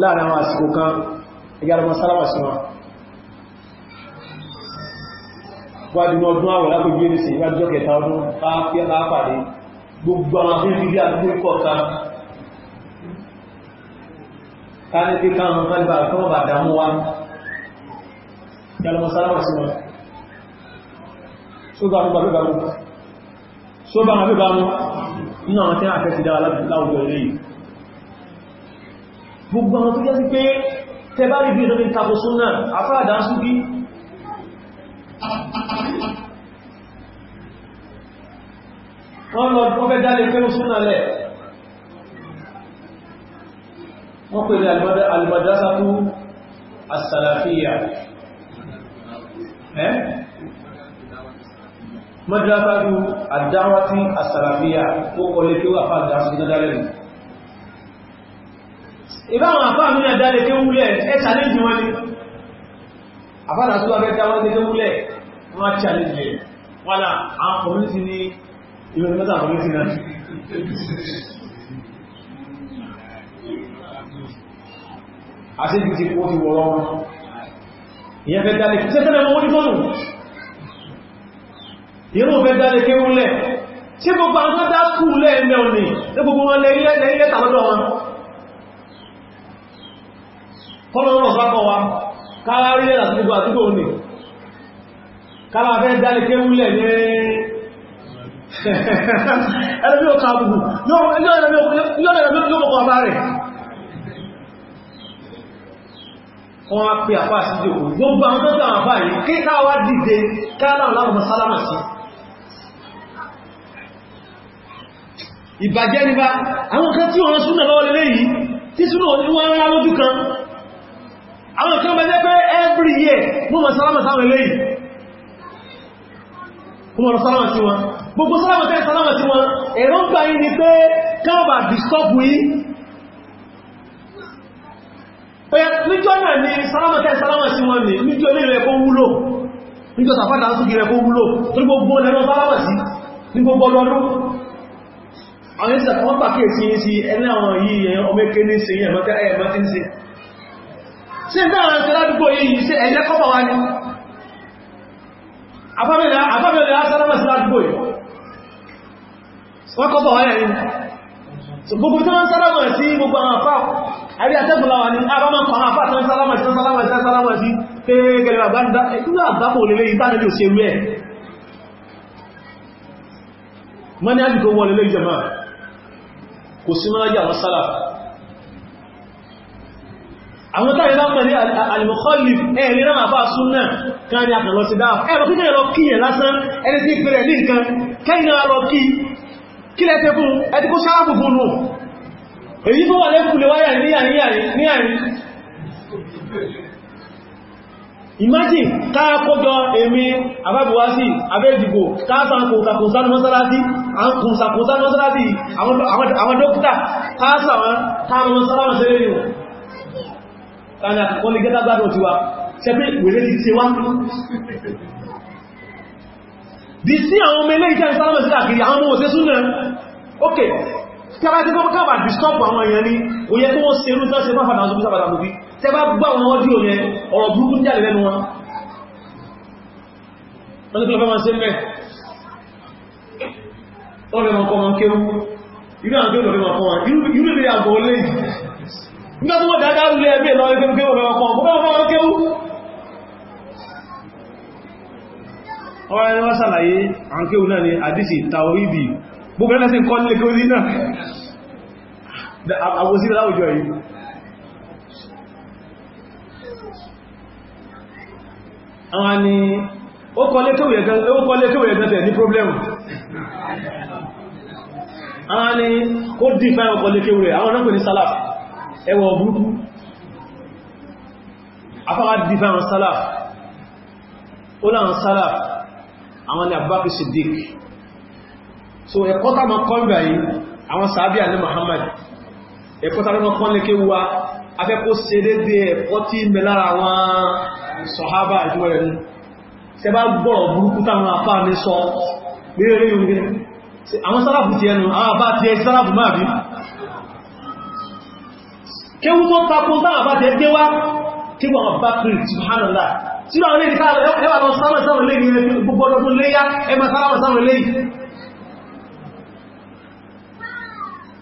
S2: láàrin àwọn àsìkò kan ẹgbẹ̀rún sáláwà sí wọn wádìí ọdún àwọ̀ lápòjú ẹnìsìn ìwádìí ọkẹta ọdún pàápàdé gbogbo àwọn afẹ́ bídíà tó kọ̀ọ̀ká ká ní pé káwọn mọ́lẹ́bà tó wọ́n bà dámú wá ẹgbẹ̀rún sáláwà sí wọn só bá wọn bí bá wọn nínú àwọn tí a fẹ́ ti dára láwùjọ ilé yìí gbogbo àwọn tó jẹ́ sí pé tẹbárí bí ìrọ́bí tako súnnà afáàdá súbí wọ́n lọ wọ́n fẹ́ dálé pẹ́lú súnnà lẹ̀ wọ́n pè ní alìmọ̀dásátú asàlàfíyà ẹ́ mọ́dúnláfàájú àdáwátí àsàràfíà ó kọlé kí ó àfá àdáwátí ní dálẹ̀ rẹ̀. ìbáwọn àfá àmì náà dálẹ̀ kí ó wúlẹ̀ ẹ challenge wọn ni àfádà tó wáfẹ́ dáwọn kí ó wúlẹ̀ wọ́n á challenge wọ́n là àwọn community ní ìwọ̀n mẹ́ta community náà àti ibi ti kó ti wọ́rọ́ wọn ìyẹn fẹ́ dálẹ̀ kí sẹ́tẹ̀lẹ̀ wọn wọ́n ní fọ́nù irú fẹ́ dáre kéwú lẹ̀ tí gbogbo àwọn dá kú lẹ́ ẹ̀mẹ́ òní ní gbogbo wọn lẹ ilẹ̀ ilẹ̀ tàbọ́dọ̀ wọn kọ́lọ̀rọ̀ sápọ̀ wa kára rí lẹ́nà gbogbo àdúgbò òní kára fẹ́ dáre kéwú lẹ̀ ní *laughs* ẹ̀rẹ́bí ò kàbùkù wọ́n á pè àpá àsíjò gbogbo àwọn tó tàwọn àpá yìí kí káwàá dìde káàlà ọ̀làrùn-ún sálámà sí ìbàjẹ́ nípa àwọn kan tí wọ́n súnà lọ́wọ́ lélé yìí tí súnà wọ́n rárá lójú kan àwọn kan bẹ̀rẹ̀ pé every year mọ́ mọ̀ sálámà sáwọn lélé yìí mọ́ mọ̀ sálámà sí wọn gbogbo sálámà tẹ́ sálámà sí wọn ẹ̀rọ ni pé káàbà disturb ni sálámà tẹ́ sálámà sí wọn ni níjọ́ lè rẹ̀ kó wúlò níjọ́ sàfádà ń súnkì àwọn ìsìn àwọn pàkíyèsí sí ẹni àwọn yìí ẹ̀yàn ọmọ èké ní sí ẹ̀mọ́ tẹ́ ẹ̀mọ́ tí ń sí sí ń dáwọn ẹ̀kọ́ ládùúgbò yìí sí ẹ̀yẹ kọ́pọ̀ wá ní àbábẹ̀lẹ̀ asálọ́mọ̀ sí ládùúgbò yìí wọ́n kọ́pọ̀ wá ní gbogbo tí wọ́n sálọ́mọ̀ sí gbogbo àwọn àpá àrí àtẹ́bùláwà ní àbámọ́ kan àpá tí wọ́n sálọ́mọ̀ sí sálọ́mọ̀ sí sálọ́mọ̀ sí pé gẹ̀lẹ̀ àbá ń dá ẹ̀kúrò àbápò lè lè kò sí mọ́ lájá àwọn sálà àwọn táyẹ̀ bá pẹ̀lú alìmọ̀kọ́lì ẹ̀rí rán àfáà súnnà kan ní àkànlọ sí dáa ẹ̀rọ kí kẹ́yẹ̀ lọ kí yẹ̀ lásán ẹni tí pẹ̀rẹ̀ ní nǹkan kẹ́yìn lọ kí kí lẹ́tẹ́ fún ẹti kó sáàbù fún nù èyí tó wà lẹ́kùnlé wáyà ní àríyàrí imagine káàkójọ èmi àbábíwásí abẹ́jìgbò káàsán kòsàkòsánú mọ́sálásí kòsàkòsánú mọ́sálásí àwọn dókítà káàsán káàrùn mọ́sálásí lẹ́yìn rẹ̀ tàbí àkọ́kọ́ lè gẹ́ta gbádùn ti wa ṣẹ́pẹ́ ìwèrè ti ṣe wá dì sí àwọn ọmọ ilé ìjẹ́ ìsáàmù sí àkìrí àwọn ọmọ òṣèṣúnà okay tẹ́bá tí kọ́kọ́ bá disturb àwọn èèyàn ní oye tó wọ́n se irú tán se máa fàdà ọdún sábàdà lórí tẹ́bá gbá wọn wọ́n dí òyẹ ọ̀rọ̀ burúkú ń jáde lẹ́nu wọn wọ́n tí kọ́kọ́ máa se mẹ́ wọ́n fẹ́ mọ́kọ́ wọn kéwú irú àwọn kéwú lọ́fẹ́ mọ́kọ́ wọn irú ìrìn ẹni wọ́n sàlàyé àǹkéwú náà ni àdísì tàwídì gbogbo ẹ̀nà sí kọ́lé kó rí náà àwòsí láwùjọ yìí àwọn ni ó kọ́lé kéwòyẹ̀ gẹ́sẹ̀ ní problem àwọn ni ó dì fáyẹ̀ kọ́lé kéwòyẹ̀ àwọn náà ní salaf ẹwọ̀ burúkú afọ́wà dì fáyẹ̀ salaf ó láwọn salaf àwọn ni Abubakar Siddiq so ẹ̀kọ́ tàbí kọ́nbà yìí àwọn sàábíà ní Muhammad ẹ̀kọ́ tàbí kọ́n lè kéwà afẹ́kó se dédé ẹ̀kọ́ tí mẹ lára àwọn sọ̀hábà ìjọ rẹ̀ ní ṣe bá gbọ́rọ̀ burúkú táwọn apá mi sọ gbére àwọn sàráfù ti ẹnu àwọn àbá ti ẹ sàráfù máa bí kéwú tó takó táwọn àbá ti ẹ gbéwá kéwú àwọn bá kiri subhanallah tí wọ́n lè ní sáàrẹ̀ ẹwà lọ sáàrẹ̀ sáàrẹ̀ lè ní gbogbo ọdún léyá ẹgbẹ̀ sáàrẹ̀ sáàrẹ̀ lè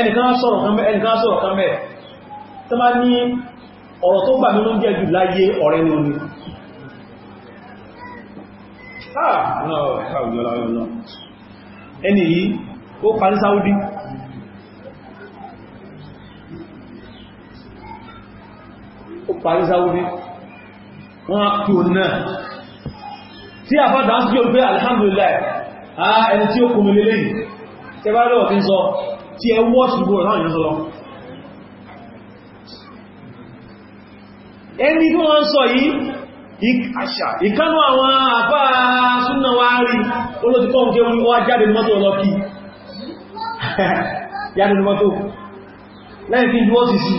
S2: ẹnìkan sọ̀rọ̀ kan mẹ́ tó bá ní ọ̀rọ̀ tó gbà nínú jẹ́ jù láyé ọ̀rẹ́ wọn ni ah, ẹni yìí ó parí Saudi ó parí Saudi wọ́n á kí o náà tí a fọ́dá ń kí o pé alhamdulillah ah, ẹni tí ó kùnmù lélẹ́yìn tẹ́bá lọ́wọ́ tí ń sọ tí ẹ wọ́ṣì gbogbo ọ̀rọ̀ ìyẹn sọlọ ẹni tí wọ́n sọ yìí àṣà ìkánú àwọn àpá súnà wá rí olóòtítọ́ ń kéwọ́n wá jáde mọ́tò ọlọ́pí *laughs* jáde mọ́tò lẹ́yìn fi dúó sì sí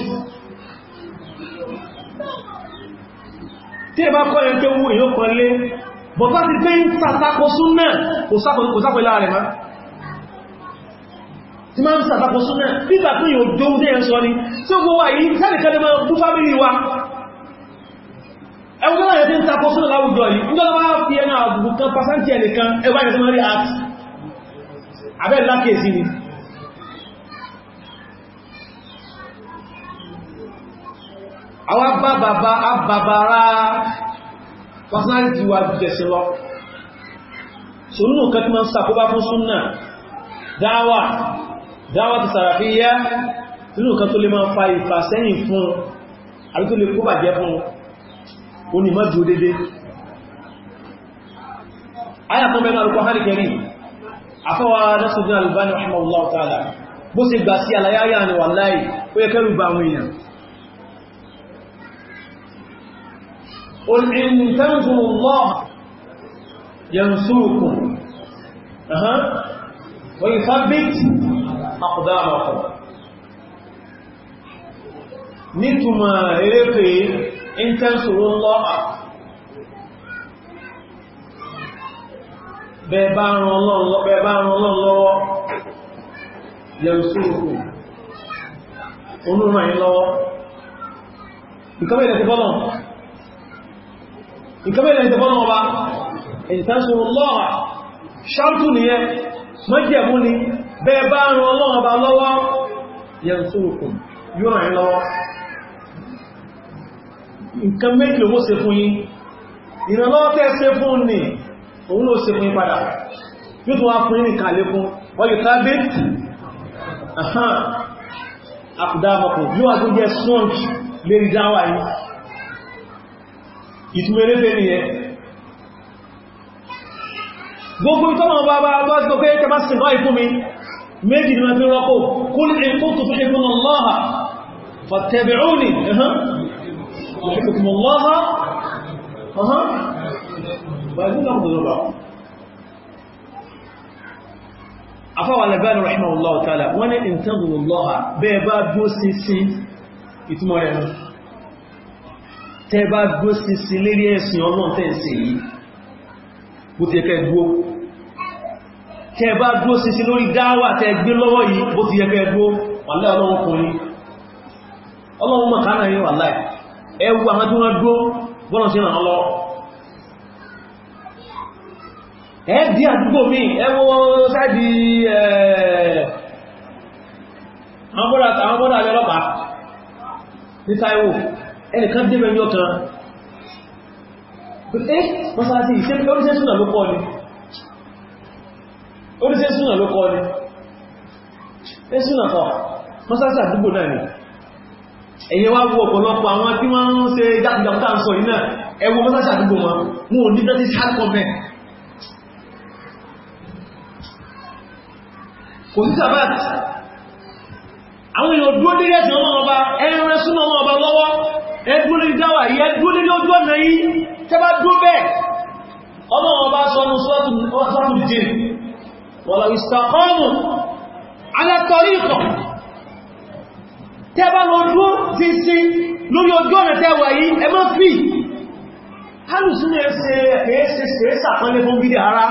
S2: tí ẹ bá kọ́ ẹ pé wú èyí ó kọ́ lé bọ̀bá ti pé ń tàtàkọ súnà kò sápẹ̀lá rẹ̀ máa tí máa ń sàtàkù súnmọ̀ pípà pín yóò jó ní ẹ̀ sọ ni tí ó gbówà yìí sẹ́nìkẹ́lẹ́ máa bú fámílì wa ẹwọ́n náà yẹ́ tí ń takọ súnmọ̀ láwùjọ yìí ń gọ́lọ́wà fi ẹna àbùkù kan pàṣántì ẹnìkan ẹwà ìrẹsì mọ́rí art abẹ́ lákèsí ni àwọn bàbàbà àbàbàrà pàṣántì wa jẹ̀sì lọ sòrúnù kan tí máa ń sàkóbá fún súnmọ̀ dáwà dáwàtí sàràfíyá nínú kan tó lè máa fa ìfàsẹ́yìn fún àbí tó lè kó bàjẹ́ fún o ní mọ́jú dédé ayàtọ́ mẹ́rin alùkọ́ hàrìkẹrì afọ́wà Nasruddin Albani rahimahullahu ta'ala bó ṣe gbà sí alayáyà ni wàláì ó yẹ kẹrù bá أقدامكم نتما ريقي إن تنصروا الله bẹ̀ẹ̀bá ran ọlọ́run lọ́wọ́ yẹ̀rùsúrùkù olóòrùn àyín lọ́wọ́ ìkọ́bẹ̀ẹ̀lẹ̀ ti bọ́lọ̀ ìkọ́bẹ̀ẹ̀lẹ̀ ti bọ́lọ̀ ọba ìtàṣùn lọ́wọ́ ṣáàtù nìyẹn mọ́jẹ̀mú ni bẹ́ẹ̀ bá ràn ọlọ́run ọba lọ́wọ́ yẹn sórùkùn yóò ràn lọ́wọ́ nǹkan méjì ló ṣe fún yín ìrànlọ́wọ́ tẹ́ ṣe fún ní òun ló ṣe fún yín padà yóò tún wá fún yín kàlẹ́ fún wọ́n tábí àkùdámọ́kù yóò wá jẹ́ strong lérí dáwà yìí ìtumọ̀ eréfẹ́ nìyẹn gbogbo ìtọ́nà bá bá gbogbo ẹgbẹ́ bá sìnkọ́ ìfún mi méjì ni ma fi rọ́pò kúlù ìkútù fún ìkún allaha fattabi'uni ìkún allaha báyìí náà mú lọ́bàá afáwà lẹ́bẹ̀rẹ̀ rahimahullahu ta'ala wọ́n ni ìtẹ́gùn allaha bẹ́ẹ̀ bá dó sí sí ìtumọ̀ rẹ̀ náà tẹ́ bá sí sí lérí ẹ̀sìn ọlọ́ntẹ́ ìsìn yìí bó ti ẹ̀kẹ́ gbó tẹ bá dúró sísí lórí dáwà tẹ gbé lọ́wọ́ yìí bó ti yẹ gbó wàlẹ́ ọlọ́run kò ní ọlọ́run mọ̀ kánà yìí wàlẹ́ ẹwù àwọn tí wọ́n dúró bọ́nà sí ìrànlọ́ ẹ̀ẹ́dì àdúgbò mi ẹwọ́ sáàdì àwọn bọ́dà àjọ ọlọ́pàá orí sí ẹ́sùnà ló kọ́ ní ẹ́sùnà kọ́ mọ́sásà àdúgbò náà ni ẹ̀yẹ wá wo ọ̀pọ̀lọpọ̀ àwọn tí wọ́n ń ṣe jákùjákùtà ń sọ iná ẹwọ mọ́sásà àdúgbò wọn is hard kò ọba ẹran ọba sọ́tún jẹ́ ولو استقاموا على الطريقة تبا لوجو سيسي لوري ojo na te wa yi e ma fi alusuna se ese se sa kan le fún video ara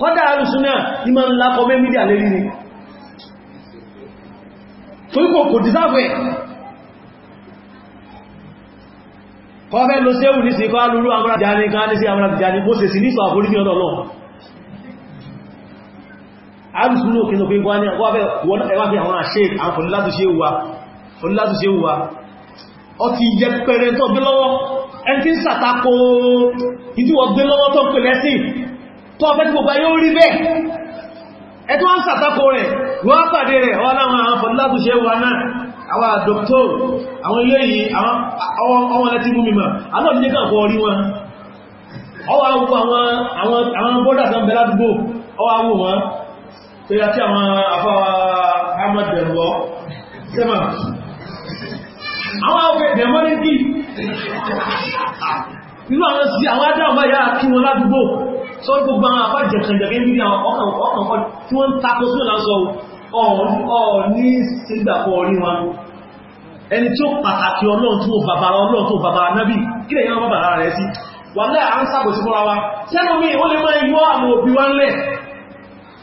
S2: kódà alusuna ni ma nla ko me media le ri ni torí kò kò deserve e kọ́ fẹ́ lo séhù ní sí kọ́ alúrú àwọn àjáni kan ní sí àwọn àjáni bó se sí ní sọ àforí ní ọ̀dọ̀ náà alùsùnú kí ní pé wọ́n ní ẹwà bí àwọn àṣẹ àwọn fònílátúṣe wà ọ ti yẹ pẹ̀rẹ tó gbé lọ́wọ́ ẹn tí ń sàtakò ìdíwọ̀ gbé lọ́wọ́ tó pẹ̀lẹ́ sí tó ọ̀fẹ́ tí gbogbo ayé rí bẹ́ẹ̀ ẹ̀tọ́ ń sàtakò rẹ̀ wọ́n pàdé rẹ̀ wọ́n láwọn àwọn fònílátúṣe wà náà àwọn dókítọ̀ àwọn ilé yìí àwọn ọmọ ẹlẹ́tí mú mímọ̀ alọ́dínlẹ́kàn kọ orí wọn ọwọ́ àwọn bọ́dà tán bẹ̀lá dúgbò ọwọ́ àwọn wọn tó yá tí àwọn afáwà ahmed dẹ̀mbọ́ sẹ́mà àwọn ọkẹ̀ dẹ̀mbọ́ ní kí nínú àwọn sí àwọn adáwọ̀ yá kí wọn ládúgbò sọ gbogbo àwọn afá jẹ̀kẹ̀jẹ̀kẹ́ níbi àwọn ọkàn tí wọ́n ń takò sí ìlànsọ ọ̀ní sígbàpọ̀ orí wọn ẹni tí ó pàtàkì ọlọ́run tí ó bàbára ọlọ́run tó bàbára nábì kí lè yán bàbára rẹ̀ sí wà lẹ́ à ń sàbòsí fúnra wa sẹ́nu mi ó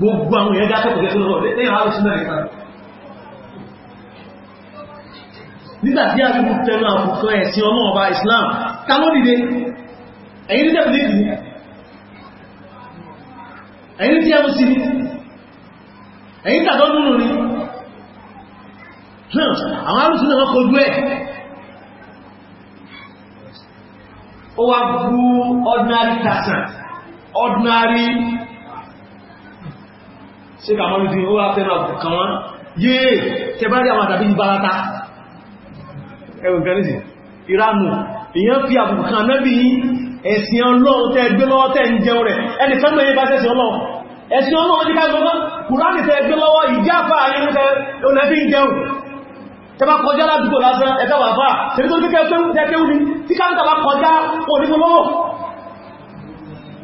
S2: gbogbo àwọn èèyàn dákẹ́ kò gẹ́gẹ́ lọ́rọ̀ lẹ́yìn àwọn ìṣúná nìkan nígbà tí a tẹnu àkùkọ ẹ̀sìn ọmọ ọba Islam ta ló dìde ẹ̀yìn ní tẹ̀bílì kìí ẹ̀yìn tí ẹmú sí ní ẹ̀yìn tàbí ọdúnrún ní àwọn arúsù náà kojú ẹ̀ ó wá bú ordinary person ordinary ṣe kà mọ́rin dín ó wá fẹ́ràn kan wọ́n yéè tẹ bá rí àwọn àtàbí ìbárata ẹwùn kan nìsìn ìranù èyàn fi àbùkù kan nẹ́bí ẹ̀sìn ọlọ́run tẹ́ gbé lọ́wọ́ tẹ́ ń jẹun rẹ̀ ẹni kan mẹ́rin bá tẹ́sìn ọlọ́run ẹ̀sìn ọlọ́run ní káàkiri kùránì tẹ́ gbé lọ́wọ́ ìjáfà ayélujára olẹ́bí ń jẹun tẹba kọjá ládùúgbò lásán ẹ̀tẹ́wà fà tẹ́lẹ́ tó ní kẹ́kẹ́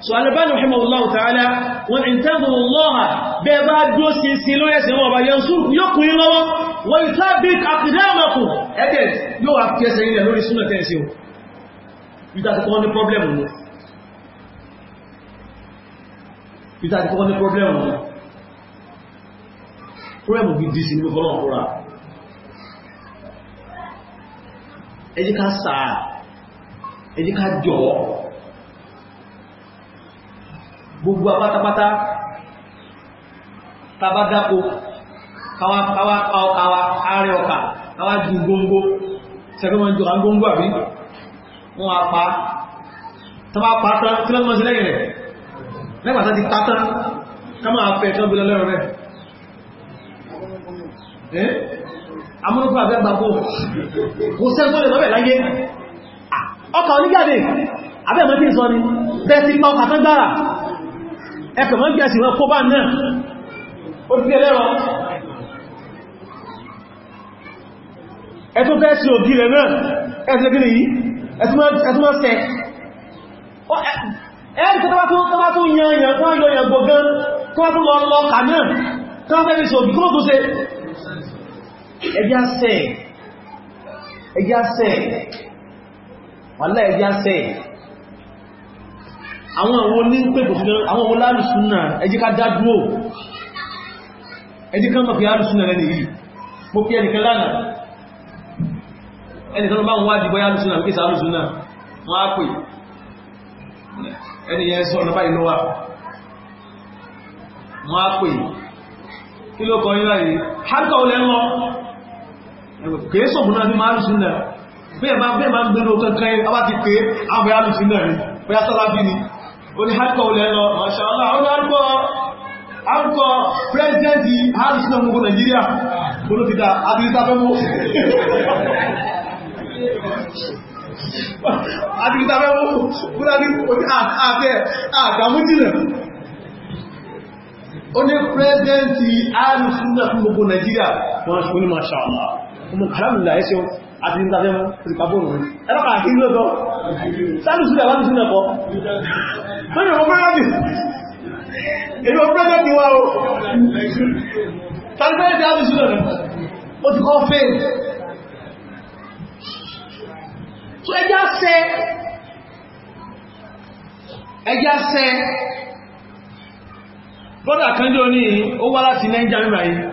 S2: so alibani rahimahullahu ta'ala wọn ìtẹ́gùn lọ́ha bẹ́ẹ̀ bá dúó sí sí ló ẹ̀sẹ̀ wọn bá yẹn sùn yóò kùn yín lọ́wọ́ wọ́n ìtẹ́ bí àpìdáàmàkù ẹ̀dẹ̀ yóò àpìkẹsẹ̀ ilẹ̀ lórí súnà tẹ́ẹ̀sì o ìtàkùkọ́ ní pọ́blẹ̀mù wọn pọ́blẹ̀mù gidi sí ní gbogbo apátápátá tàbá dáko káwá káwá káwá ààrẹ ọ̀kà káwá ju gbóngbó sẹ́gbẹ́ wọn jọ àwọn gbóngbó àbí wọn á pa tọ́bá pa tán kí lọ́nà sí lẹ́yìn rẹ̀ lẹ́gbàtà ti ta tán ká máa fẹ́ tán bí lọ́lọ́rọ̀ rẹ̀ amúnúkú àgbẹ́gbàgbò kò sẹ́gbọ́n lè lọ́bẹ̀ láyé ọkà onígàdè abẹ́mọ́ tí ń sọ ni bẹ́ẹ̀ ti ẹkẹ̀ mọ́ gẹ̀ẹ́sì wọn kó bá náà ó ti ẹlẹ́rọ ẹ̀tún fẹ́ sí òbí rẹ̀ náà ẹ̀tún gílì yìí ẹ̀tún mọ́ sẹ́ ẹ̀rì tó bá tún yan yàn fún àjọ yàn gbogán tó bá tún lọ lọ́kà náà tó fẹ́ sí òbí kó tó ṣe ẹjá sẹ́ ẹjá sẹ́ wàlá ẹjá sẹ́ àwọn àwọn ní pé kò sílẹ̀ àwọn àwọn lálùsúnà ẹjí ká dádúró ẹjí ká mọ̀fí lálùsúnà lẹ́nì yìí mo fi ẹnìkan lánàá ẹnìkan bá wọ́n wá dìbọ́ lálùsúnà pèsè lálùsúnà wọ́n á pè ẹniyẹn sọ ọ̀nà báyìí lọ́wà wọ́n á pè kí ló kọ nílá yìí hákọ̀ olè wọn kìí sọ̀bùn náà ní máa lùsúnà bẹ́ẹ̀ máa ń gbẹ́rù kankan awá ti pé àwọn lálùsúnà rí bóyá sọ́lábí ni ó ní hálùkọ́ olè lọ mọ̀ṣọ́lá ó ní hálùkọ́ hálùkọ́ pírẹ́sidẹ́ntì hálùsínà mú nàìjíríà bóló ti dá adìrítà fẹ́ mú adìrítà fẹ́ mú búrá ní àfẹ́ àgbàmújìnà ó ní pírẹ́sidẹ́ntì hálùsínà mú nàìjíríà wọ́n ṣe ní mọ̀ṣọ́lá ọmọ kàlámùlà ẹ́ṣẹ́ àti ìtàfẹ́mọ́ ìpàbọ̀rùn rẹ̀ ẹlọ́pàá àti ìlọ́dọ́ sáàlùsílẹ̀ wà ní sínú ẹ̀kọ́ mọ́nà ọmọ pẹ́lọ́bì èyí ọmọ pẹ́lọ́bì wá o sáàlùsílẹ̀ dáàbì sínú rẹ̀ ó ti kọ́ fẹ́ so ẹjá sẹ ẹjá sẹ bọ́dà kanjọ́ ní ó wá láti Nàìjíríà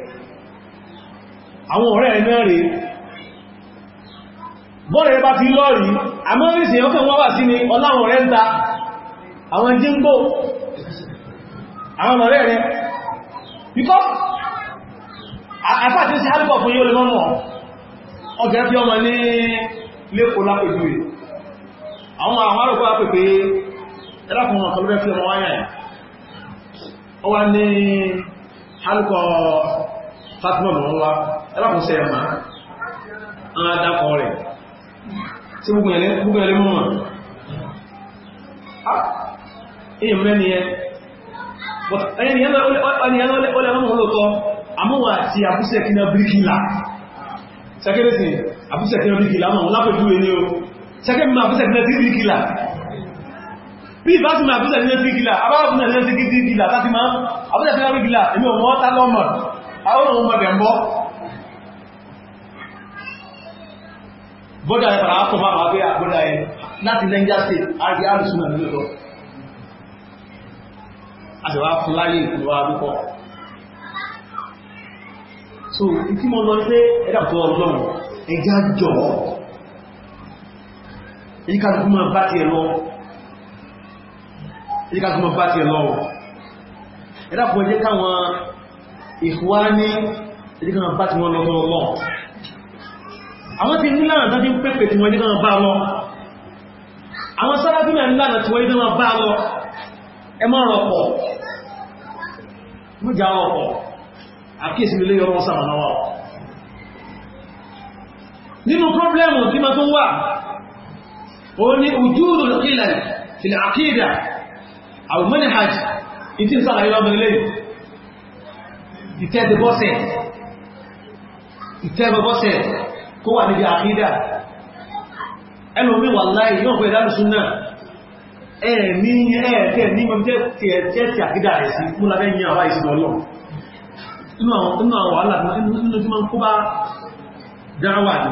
S2: àwọn ọ̀rẹ́ rẹ̀ náà rẹ̀ bọ́ọ̀rẹ̀ bá ti lọ́rí àmọ́rìsì ọkàn wọ́n wà sí ni ọláwọn rẹ̀ ń ta àwọn jíńgbò àwọn ọ̀rẹ́ rẹ̀ píkọ́ àfáàtí sí hálùkọ̀ fún yóò lè fatima ẹlọ́kùnṣẹ́ ẹ̀mà ń adákan rẹ̀ tí gbogbo ẹ̀lẹ́ mú wọn ẹ̀yìn mẹ́ni ẹ ẹni ẹlọ́lẹ́ ọlọ́mọ olóòtọ́ àmúwà àti àbúṣẹ́ kíná bíríkìlá sẹ́kẹ́rẹ́sì àbúṣẹ́ kíná bíríkìlá mọ̀ lápẹ̀jú ẹni o sẹ́kẹ́ mọ̀ àbúṣẹ́ kíná bíríkìlá bí bá ti máa àbúṣẹ́ kíná bíríkìlá abáwọ̀kúnà kíná bíríkìlá láti máa àbúṣẹ́ kíná bíríkìlá èmi ò mọ́ tá lọ́mọ̀ àwọn ọmọdé ń bọ́ bọ́dà ẹ̀ fara ápọ̀ máa wábé àbọ́dà ẹ̀ láti Niger State àti àrùsùn àmì lọ́dọ̀ àṣẹwà fún láyé ìpínlẹ̀ àdúkọ̀ so tí mo lọ pé ẹ̀dà tó ọlọ́run ẹjá jọ ìdíkàtúmọ̀ bá ti ẹ̀ lọ́wọ́ ẹ̀dà pọ̀ jẹ́ káwọn ìfúwá ní ìdíkàtúmọ̀ bá ti wọ́n àwọn ti ní lánàá tí ń pẹ́pẹ̀ tí wọ́n ní náà bá lọ àwọn sárábí náà lánàá tí wọ́n ní náà bá lọ ẹ mọ́ rọ̀pọ̀ mújà rọ̀pọ̀ àkíyèsí ilé yọrọ sàmànáwà nínú pọ́blẹ́mù tí ma tó wà ó ní ojúrò ilẹ̀ fil aqida aw manhaj ìtí sára yọ ọmọ ilé ìtẹ́bẹ̀bọ́sẹ̀ kó wà níbi àkídà ẹlòmí wà láì yóò fẹ́ ìdárùsùn náà ẹ̀ ní ẹ̀ẹ́kẹ́ ní mọ́ jẹ́ ti àkídà rẹ̀ sí mú lábẹ́ yìn àwá ìsìn ọlọ́ inú àwọn wàhálà nínú tí wọ́n kó bá dáwà ní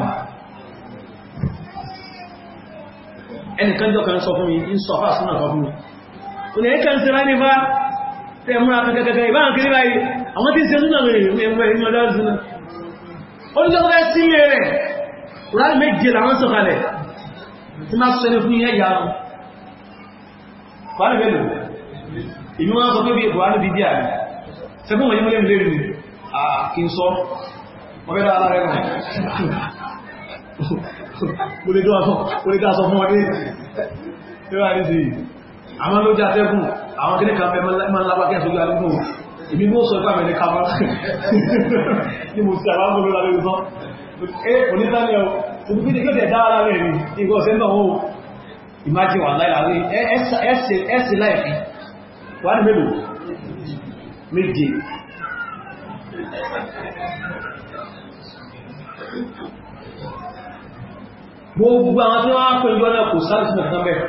S2: ẹnìkan jọ kan sọ fún mi ń sọ fásún náà fún mi kò lè kàn sí rá ní bá tẹ́ múra kẹ́kẹ́kẹ́ ìbáhàn kiri báyìí àwọn tí ń ṣe súnà rẹ̀ mẹ́rin mẹ́rin mẹ́rin oníjọ́gbẹ́ sílé rẹ̀ kùránì méje làwọn sọ̀kalẹ̀ tí máa sọ ní fún yẹ́ ìyá rú kùránì mélòó ìlú wọn sọ pé bí kùránì bí díà rẹ̀ sẹ́fún wọ́n yí mọ́lé mílé rí kí n sọ ọ̀rẹ́ dára rẹ̀ náà mo lè dá sọ fún wọn ní ìwà ní èmi mú sọ ìpàmì ní kàmá ní mo ti àbábò ló lábẹ́ ìtọ́ ẹ onítàní ọ òkú ní kéde dára rẹ̀ rí ìgbọ́ ọ̀sẹ̀ náà ó ìmájì wà láìláwé ẹ̀sì láìfi wà ní mélòó méje gbogbo àwọn tí wọ́n á pè yọ́nà kò sáré sí ọ̀kan bẹ́ẹ̀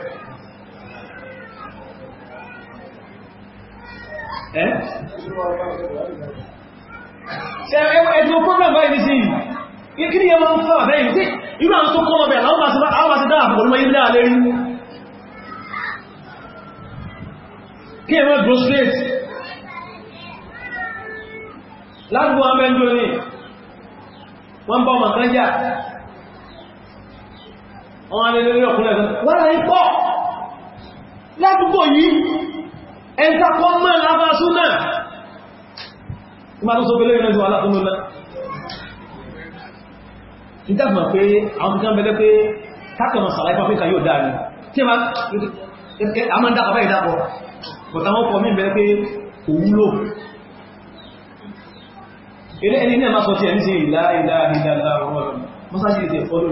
S2: Eh? ẹ̀dùn program báyìí sí ìkírí ẹmọ ń fà bẹ́yìn tí irú àwọn tó kọ́ ọbẹ̀ àwọn bá ti dáa pọ̀lú ẹ̀yìn dáa lérí kí ẹmọ grow straight lágbó amẹ́jọ ní wọ́n bá ọmọ kan jà wọ́n alẹ́lẹ́lẹ́ ọkùnrin ẹ̀sán wọ́n ẹ̀ta kọ́ mọ́ lábá súnà ìmá tó sọ pẹ̀lú ìrìnàjò aláàtúnmọ́lá ìdágbà pé àwọn kan bẹ̀lẹ́ pé kákàmà sàlàífà pé kàyò dáa ni tí a máa ń dákọ̀ báyìí dákọ̀ bọ̀tàwọn pọ̀ mí bẹ̀rẹ̀ pé òwúlò ilé ẹni ní ẹmà sọ tí ẹni sí ìlà ìlà ìlà ìlà ọ̀rọ̀ mọ́sájì ìdẹ̀ fọ́lọ̀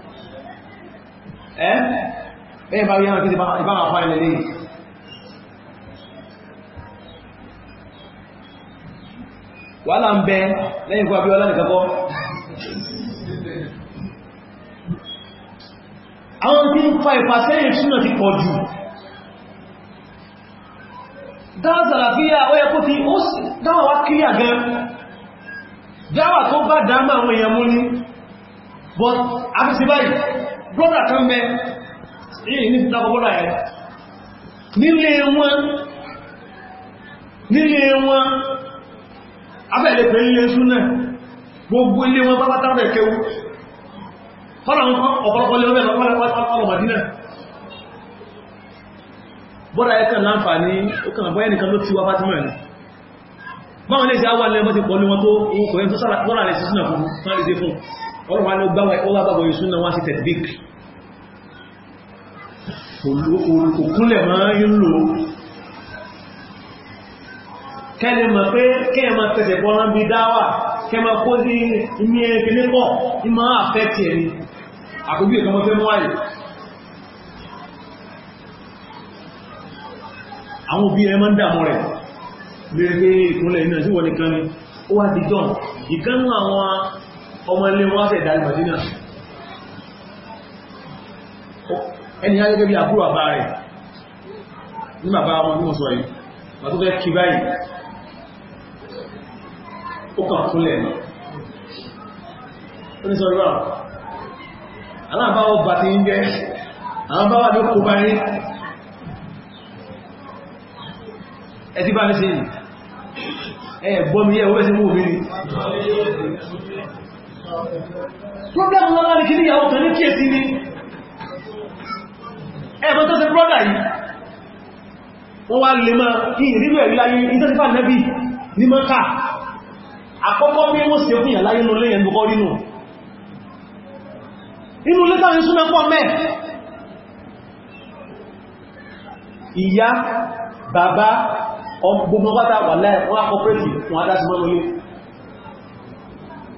S2: ẹ́ ẹ́ bá yẹ́rọ kí ìbára fún ilẹ̀ lẹ́yìn wàhálà ń bẹ lẹ́yìn fún abíọ́lá nìkankọ́ àwọn tí ń fa ìfàsẹ́yìn súnà ti pọ̀ jù dáwà sàlàfíà ó yẹ kó ti ó dáwà wá kíyà gan dáwà tó bá dámà àwọn èèyàn mú but brọ́dà kan bẹ yìí ní ìdábọ̀ brọ́dà ẹ̀ nílé wọn nílé wọn abẹ́lẹ̀ pẹ̀lú ilé súnà gbogbo ilé wọn bábátá bẹ̀ kẹwú fọ́nà ọ̀pọ̀lọpọ̀ ilé ọmọ dị bọ́dà ẹ̀ ka ilé ọmọ wọn ọlọ́run wa ní gbáwọn ẹ̀kọ́ lábàbọ̀ yìí súnà wọ́n sí tẹ̀tìbík òkúnlẹ̀ máa ń lò kẹ́lẹ̀ mọ̀ pé kẹ́yẹ̀ máa tẹ̀sẹ̀ bọ́rán bí dáwà kẹ́mà kó sí ní ẹgbẹ̀lẹ́ pọ̀ ní máa àfẹ́tì ẹni àkóbí ẹ̀kọ́ mọ́fẹ́ mọ́ àwọn òbí ẹ máa ń dàmọ́ rẹ̀ lè gbé ìkúnlẹ̀ iná nìkan ni ó wá di dán ìkánú àwọn ọmọ ilé wọ́n sẹ̀ ìdá ìmọ̀dínà ẹni ya gẹ́gẹ́ bí àbúrò àbá rẹ̀ ní bàbá ọmọ ní ọ̀sọ̀ yìí wà tó fẹ́ kí báyìí ó kàn kúnlẹ̀ ní ó ní sọ ìrọ̀ aláàbáwọ̀ bá ti ń jẹ́ àwọn bá wà ló kó bá rí ẹ̀tí bá ní sí ẹ̀ẹ̀gbọ́mí ẹ̀wọ́ problem lọ́la ní kí ní ìyàwó tẹ̀lé kí èsì ní ẹ̀bọ́n tó ti brọ́dà yìí wọ́n wá lè máa kí ìrírò ẹ̀rí láyé ìtẹ́sífà nẹ́bí ní mọ́ká àkọ́kọ́ pé wọ́n se fún ìyàláyé lọ lẹ́yẹn lókọ́ rínú inú lẹ́tà ní súnmọ́ pọ̀ mẹ́ ìyá bàbá ọgbogbo pátá wà láẹ̀ wọ́n á kọ́ pẹ́lú fún adásímọ́ lóyún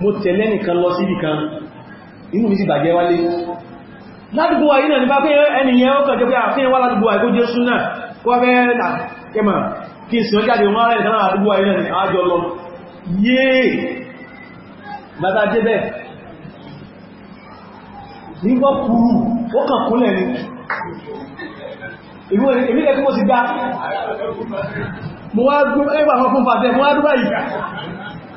S2: mo tẹ̀lé nìkan lọ síbi kan inú mi sì bàjẹ́ wálé ládùgbò wà yìí náà nípa pé ẹnìyàn ó kànjẹ́ pé àfihàn ah, wá ládùgbò wà ikú jẹ́ súnà kọ́ bẹ́ẹ̀ ah, nà kẹmà kí n sìn jáde wọ́n rẹ̀ ni fún fàtẹ́ wá dúbà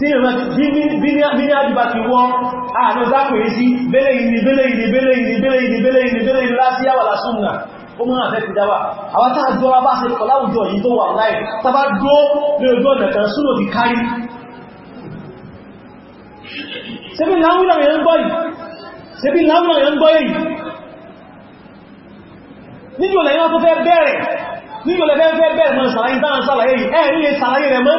S2: tí ìrìnà àdìbà ti wọ́n ààrùn dápẹ̀ sí bẹ́lẹ̀ ìní bẹ́lẹ̀ ìní bẹ́lẹ̀ ìní bẹ́lẹ̀ ìní bẹ́lẹ̀ ìní bẹ́lẹ̀ ìní láti yàwà lásùnà ó mọ́ àfẹ́ ti dáwà àwọn tàà jọra bá ṣe pọ̀ láwùjọ yìí tó wà láì tàbá dó lé ojú ọ̀nà kan súnà ti kárí ṣebí láwùjọ yẹn ń gbọ́ yìí ṣebí láwùjọ yẹn ń gbọ́ yìí níjò lẹ́yìn wọ́n tó fẹ́ bẹ̀rẹ̀ níjò lẹ́fẹ́ bẹ̀rẹ̀ mọ́ sàlàyé dáhùn sàlàyé yìí ẹ̀rí lè sàlàyé rẹ̀ mọ́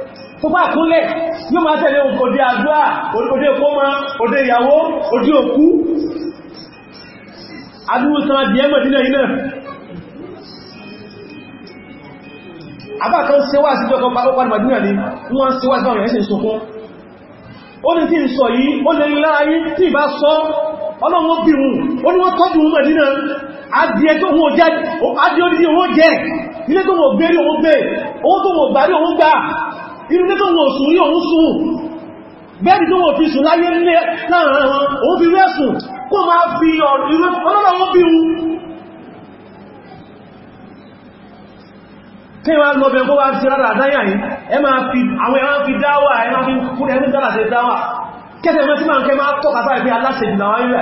S2: tó bá kúnlẹ̀ yóò máa tẹ̀lé òdí àdúrà òdí òkómọ òdí ìyàwó òdí òkú adúrúsan adìyẹ́mọ̀ dínà iná abákan síwá sí jọkọ pàápàá màdínà ní wọ́n síwá sí àwọn ẹ̀ṣẹ̀ ìṣòkún ó ní tí ń sọ yìí ó lè láyé tí ìbá sọ ọlọ́wọ́ bí wọn ó ní wọ́n tọ́jú wọn màdínà adìyẹ tó wọ́n jẹ́ adìyẹ tó wọ́n jẹ́ ilé tó wọ́n gbé rí òun gbé owó tó wọ́n gbà rí òun gbà inú yóò sùn bẹ́ẹ̀ni wọ́n lọ bẹ̀rẹ̀ kó sí rárá àdáyà yìí ẹ máa fi àwọn ẹran fi dáwà ẹ máa fi fún ẹni dára sí dáwà kẹsẹ̀ mọ́ sí máa kẹ máa tọ́kàtà ìgbé aláṣẹ ìgbà wáyé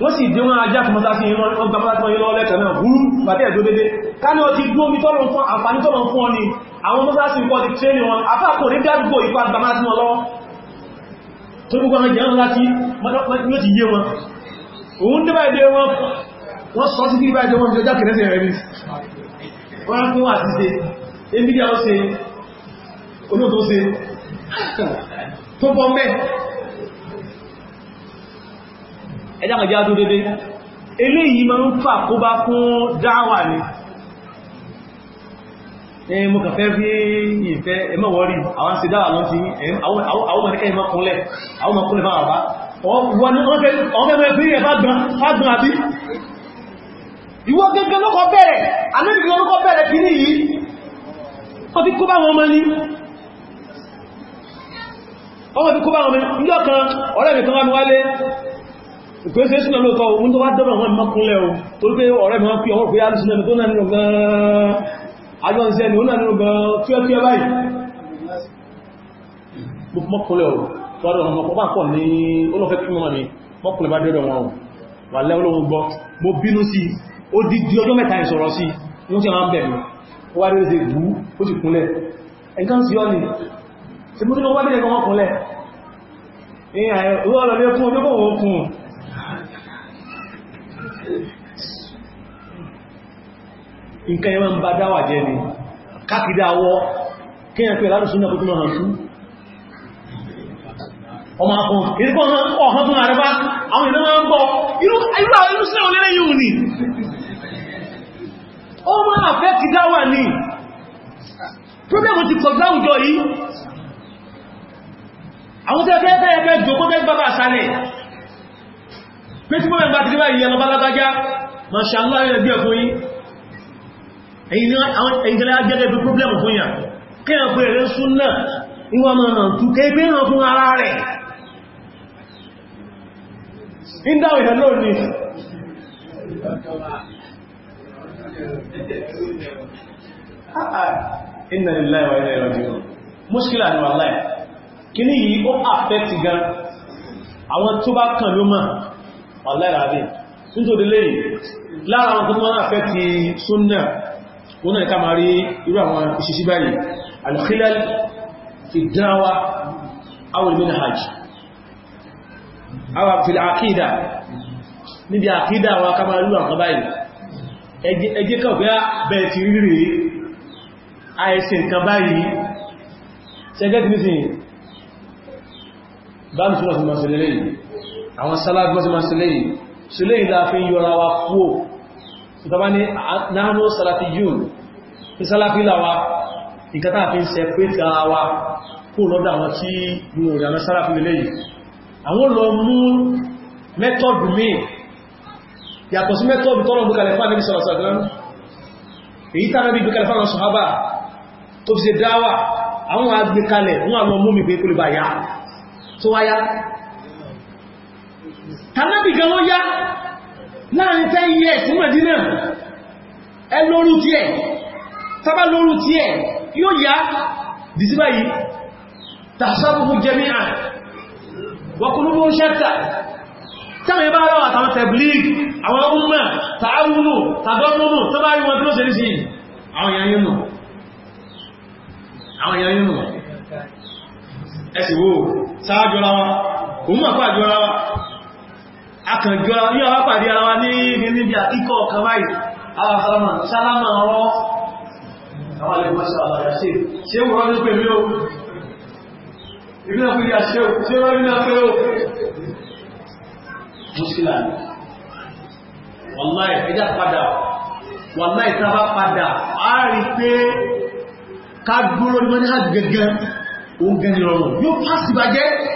S2: wọ́n sì dé wọ́n ajá kọmọ́sá sí ìran wọ́n gbà mọ́sá yílọ́ lẹ́kàn náà burú pàtẹ́ ẹ̀dọ́ dédé ká ní ọtí gbó mi tọ́lọ fún àǹfààní tọ́lọ fún ọ ni àwọn mọ́sá sí ìkọ́ ti tẹ́ ní wọn afákò ní dágbò ìfà gbàmásí wọn lọ́wọ́ tó gbogbo àwọn jẹun láti yóò ti yé wọn òun dé báyìí wọn wọ́n sọ sí bíbá ìjọ wọn jọ jákè lẹ́sẹ̀ rẹ̀ ní wọ́n rán fún wà sí ṣe ebi yà ó ṣe olóòtú ṣe tó bọ́ mẹ́ ẹjámọ̀já tó dédé eléyìí máa ń fà kó bá fún dáwà ni ẹ mọ́ kàfẹ́ rí ìfẹ́ ẹmọ́wọ́rí àwọn sí dáwà lọ sí àwọn mọ̀ríkà ìmọ̀kúnlẹ̀ àwọn mọ̀kúnlẹ̀ bá bàbá wọ́n mẹ́rin bí ẹ̀ bá gbọ́n àbí ìwọ gẹ́gẹ́ lọ́kọ̀ bẹ̀rẹ̀ anẹ́bìkì lọ́kọ̀ bẹ̀rẹ̀ kì ní yìí wọ́n ti kó bá wọn mọ́ ní ọmọ ti kó bá wọn mọ́ ní ọkàn ọ̀rẹ́ mi kan wá ní wálé ìpèsè ìsúná ló kọ́ ohun tó wá dọ́bọ̀ wọn mọ́kúnlẹ̀ o tó pé ọ̀rẹ́ mọ́ fi ọwọ́ pé alùsùn ẹni tó náà nínú gan-an agbọ́nsẹ́ ni ó náà nínú gan-an fíọ́fíọ́ báyìí mọ́kúnlẹ̀ o tọ́rọ ọmọ ọmọ pọ̀ ní olófẹ́ mo bínú sí ó di di ọjọ́ mẹ́ta ìsọ̀rọ̀ sí wọ́n sì máa ń bẹ̀rẹ̀ ó wá dẹ́rẹ́ bú ó sì kúnlẹ̀ ẹ̀kan sí ọ́ ni ṣe mú tí wọ́n wá dẹ́rẹ́ kan wọ́n nǹkan yẹn ń dáwà jẹ́ ni káàkiri àwọ kíyàn pé lálùsùn náà ọmọ akùn ìrìkọ́ ọ̀hán fún àrẹ́bá àwọn ìdánwà ń bọ́ irú àìlúsẹ́ yìí ti dáwà ní pé tí mọ́mẹ́ bá ti débà ìyẹn lọ́bá lágbájá mashallah rẹ̀ bí ẹ̀fún yí èyí problem fún yà kíyàn pé rẹ̀ sún náà ìwọ̀n mọ̀ hàn tún kẹ́ pé
S1: hàn wa
S2: inna ilaihi raji'un ni wallahi kini yi o affect gan àwọn tó bá kàn ló máa ọ̀lẹ́ràbí nítorí lẹ́yìn lára àwọn tó mọ́ náà fẹ́ ti súnnà wọ́n náà ká máa rí irú àwọn ìṣiṣí báyìí al-khilal fi dáwà awal minhaj awa fi al-aqida níbi àkídà wa ká máa lúwà kan báyìí ẹgbẹ́ kan bẹ̀ẹ̀ ti rí àìsìn kan báyìí àwọn sálàbí wọ́n ti máa sílé yìí sílé yìí láàfin yọra wa kúò ìtàbá ní náánú sálàfí yìí ní sálàfí láwa ìkàtà àfin sẹ pé gara wa kó lọ́dọ̀ àwọn tí yíò rí àwọn sálàfí lè yìí àwọn lọ mú mẹ́tọ́dù míì yàtọ̀ sí mẹ́tọ́dù tọ́lọ̀ bú kalẹ̀ fún àníbi sọ̀rọ̀ sọ̀rọ̀ èyí tánà bí kalẹ̀ fún àwọn sọ̀hábà tó fi ṣe dáwà àwọn agbékalẹ̀ wọn àwọn mú mi pé kó tàbí gan ló yá láàrin 10 years fún Mẹ̀dínà ẹ lóru díẹ̀ sábà lóru díẹ̀ yóò yá dìsíbà yìí tàṣàbùkù jẹ́míà wọ́kúnlúgbò ṣẹ́ta tẹ́mẹ̀ bá rọ̀ àtàwọn tẹ̀blíg àwọn ọmọ tààrùnù tàdọ́mùnù tọ́bárí wọn tó sẹ́rí sí àwọn yanyínú àwọn yanyínú ẹ̀sìwò sáájọ́ra wa òun àpá àjọ́ra wa akànjọ́ ní ọwá pàdé ara wa ní níbi àtíkọ̀ ọ̀kan báyìí àwọn sálámà sálámà ọ̀rọ̀ àwọn alẹ́gbọ́n sálámà ṣe ṣe wọ́n ní pẹ̀lú o ìbílẹ̀ pẹ̀lú àṣẹ o ṣe wọ́n ní pẹ̀lú o mùsùlá ni wàláì ẹjá padà wàláì sábà padà á rí pé ká gbóró ní wọ́n ní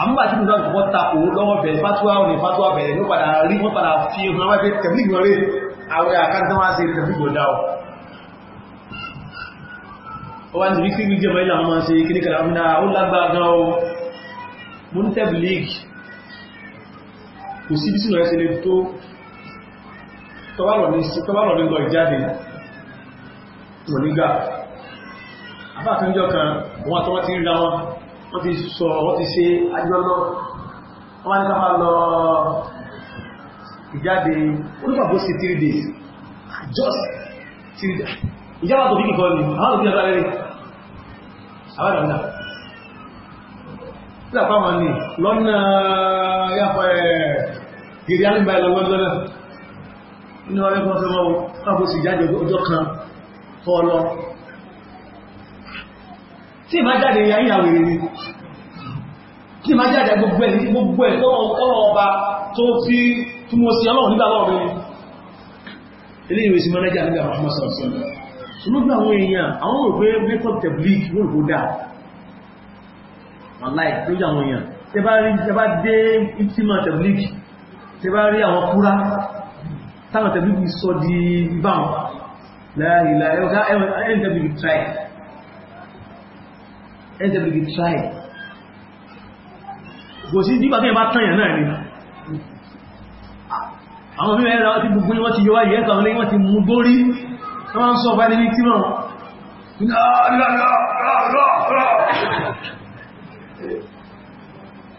S2: àmúgbà tí ìjọba ìfọ́ tapò lọ́wọ́ bẹ̀rẹ̀ fátúwà òní fátúwà bẹ̀rẹ̀ ló padà rí wọ́n padà fi hàn wáyé tẹ̀bí ìgbọ̀nrẹ́ àwọn àkántán wá sí tẹ̀bí ìgbọ̀dá ọ̀ wá ní wípé wíjẹ́ mọ́ ilẹ̀ àwọn ṣe kí ní kàrà fún náà ó lágbàá gan o mún tẹ́bù league kò sí bísí lọ́yẹ́ sílé tó tọ́bálọ̀ ní lọ ìjáde wọ̀nígà àbákanjọ́ kan wọ́n tọ́wọ́ ti rí ra wọn wọ́n ti sọ wọ́n ti ṣe ajọ́lọ́ wọ́n ní káfà lọ ìjáde onígbàgbó sí 3 days ah, just 3 days ìjábà tó bíkì kọ́ni àwọn òbí ọ̀rẹ́ rẹ̀ àwọn ọ̀dà nígbà fáwọn ní lọ́nà yàfẹ́ gèrè alìgbà ìlọ lọ́nà inú ọ̀rẹ́ kan fẹ́mọ́ káfò sí jáde ọjọ́ kan fọ́ lọ tí ìmá jáde yà ń yàwó ìrìn kí máa jáde gbogbo ẹ̀ gbogbo ẹ̀ tọ́rọ ọba tó fi túnmọ̀ sí ọlọ́run nígbà lọ́rọ̀ rẹ̀ ilé ìwé sí mọ́nẹ́jà nígbà Muhammad sọ̀rọ̀ ṣùgbọ́n àwọn èèyàn àwọn òpé makeup tablet wọ́n kò dà wàláì lójú àwọn èèyàn tẹ bá rí tẹ bá dé ìtìmọ̀ tablet tẹ bá rí àwọn kúrá táwọn tablet sọ di ibáwọn láàrín láàrín ẹ̀ẹ́dẹ̀bìlì try kò sí dípà tí ẹ bá tàyàn náà ni àwọn mímẹ́ ẹ̀rọ ti gbogbo wọ́n ti yọ wáyé ẹ̀kọ̀ ọ̀lẹ́ wọ́n ti mú gbórí wọ́n ń sọ bá ní tí wọ́n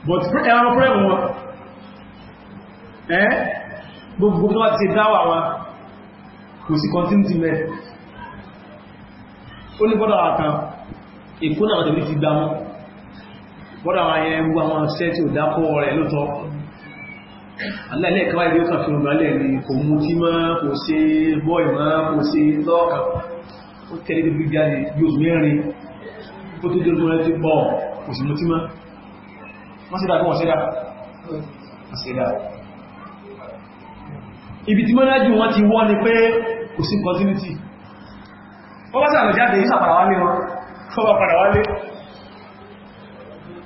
S2: but ẹ̀rọ pẹ́rẹ̀ wọn ẹ́ gbogbo tó wá ti dáwà wọn kò sí kọntínítì mẹ́ ó ní gbọ́dọ̀ àkàn èkó náà bọ́dọ̀ àwọn ayẹ ń gbọ́ àwọn ṣẹ́ tí ò dákọ́ rẹ̀ lóòtọ́ alẹ́lẹ́ kọwàá ibi ó kàn fún ìgbàlẹ̀ ni kò mú tí mọ́ kò ṣe bọ́ì mọ́ kò ṣe tọ́ọ̀kà ó tẹ́lé bí gbígbá ni yóò mẹ́rin ó tó dẹ́gbọ́n rẹ̀ ti pọ̀ kò sí mú tí mọ́ wọ́n sí dákọ́ wọ́n sí dákọ́ ibi tí mọ́ nájú wọ́n ti wọ́ ni bá sàrọ̀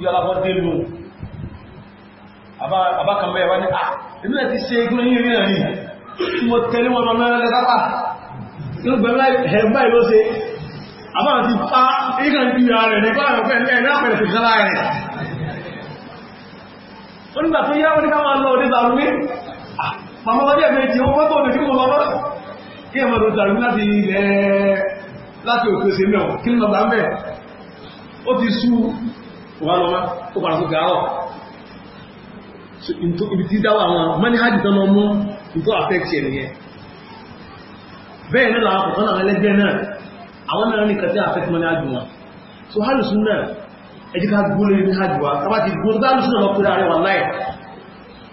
S2: bí ọlábọ́ dé lù abákanbẹ́ wá ní à èmi náà ti ṣe egun ní ìrìnà rí tí mo tẹ̀lé wọn lọ́nà lẹ́sápà inú gbẹ̀mọ́ ẹgbẹ́ ló ṣe àbáwọn ti pa ìgbà ní ìyá rẹ̀ nípa ẹ̀rọ̀pẹ̀ ẹ̀rọ̀pẹ̀ ìfìkálá rẹ̀ wọ́n nígbà tó yáwọ́ nígbà máa lọ òdí dàrúmí màmá wọ́n díẹ̀ méjì wọ́n tó ní kí mo lọ́wọ́ kí ẹ̀mọ̀ lọ dàrúmí láti ilẹ̀ láti òkèsè mẹ́wọ̀n kí lọ́dà mẹ́ ó ti sú wọ́n lọ wá ó padà sókè àárọ̀ ibi tí dáwà àwọn manihadi tán lọ mú ìtọ́ àfẹ́kì ẹ̀nìyàn bẹ́ẹ̀ nílò àkọ́kọ́ náà ẹlẹ́gbẹ́ náà àwọn náà ní kàtí àfẹ́kì manihadi wọn so hálùsùn náà ẹjíká gbólé ní hajj wa tàbá ti gbó hálùsùn náà lọ́pẹ́ ààrẹ wà láì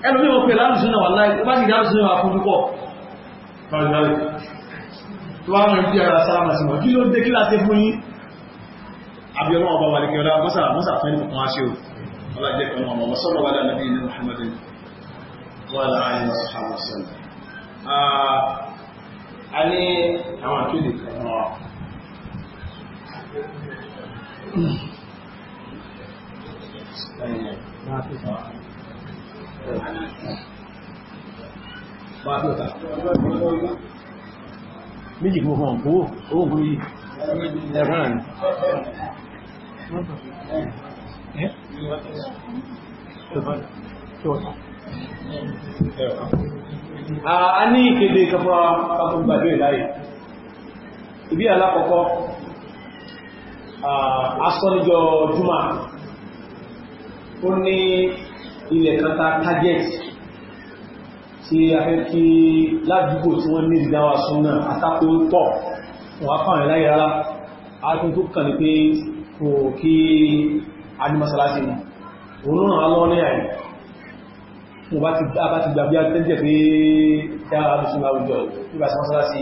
S2: ẹlùmí wọn pè hálùsùn náà wà láì tàbá ti hálùsùn náà fún púpọ̀ tó wá rẹ̀ bí ara sára màsìmọ̀ kí ló dé kí láti fún yín abiyọ́lọ́ ọba wà lẹ́kẹ́ ọlá mọ́sà fún ẹni kọ̀kan aṣe ọlájẹ́ kan ọmọ sọ́rọ̀ wà lánàbí ilẹ̀ Muhammad
S1: wà láàrin ọ̀sán a ní àwọn àkéde kan náà
S2: Méjì gbogbo ọ̀pọ̀ owó orí ẹ̀rọ a ní ìkéde kọfà kọfà gbàdó ìláyé ibi alákọ̀ọ́kọ́ asọ́nijọ́ jùmọ̀ ó ní ilẹ̀ kanta target tí a fẹ́ kí ládùúgbò tí wọ́n ní ìdáwà súnmọ́ àtàkùn pọ̀ wọ́n fáwọn ìláyé rárá a tún tó kàn ní pé so kí adúmọ́sálásí ni òun náà lọ ní àyè mo bá ti gbàgbé àtẹ́jẹ̀ pé dára lọ́sí láwùjọ nígbà mọ́sálásí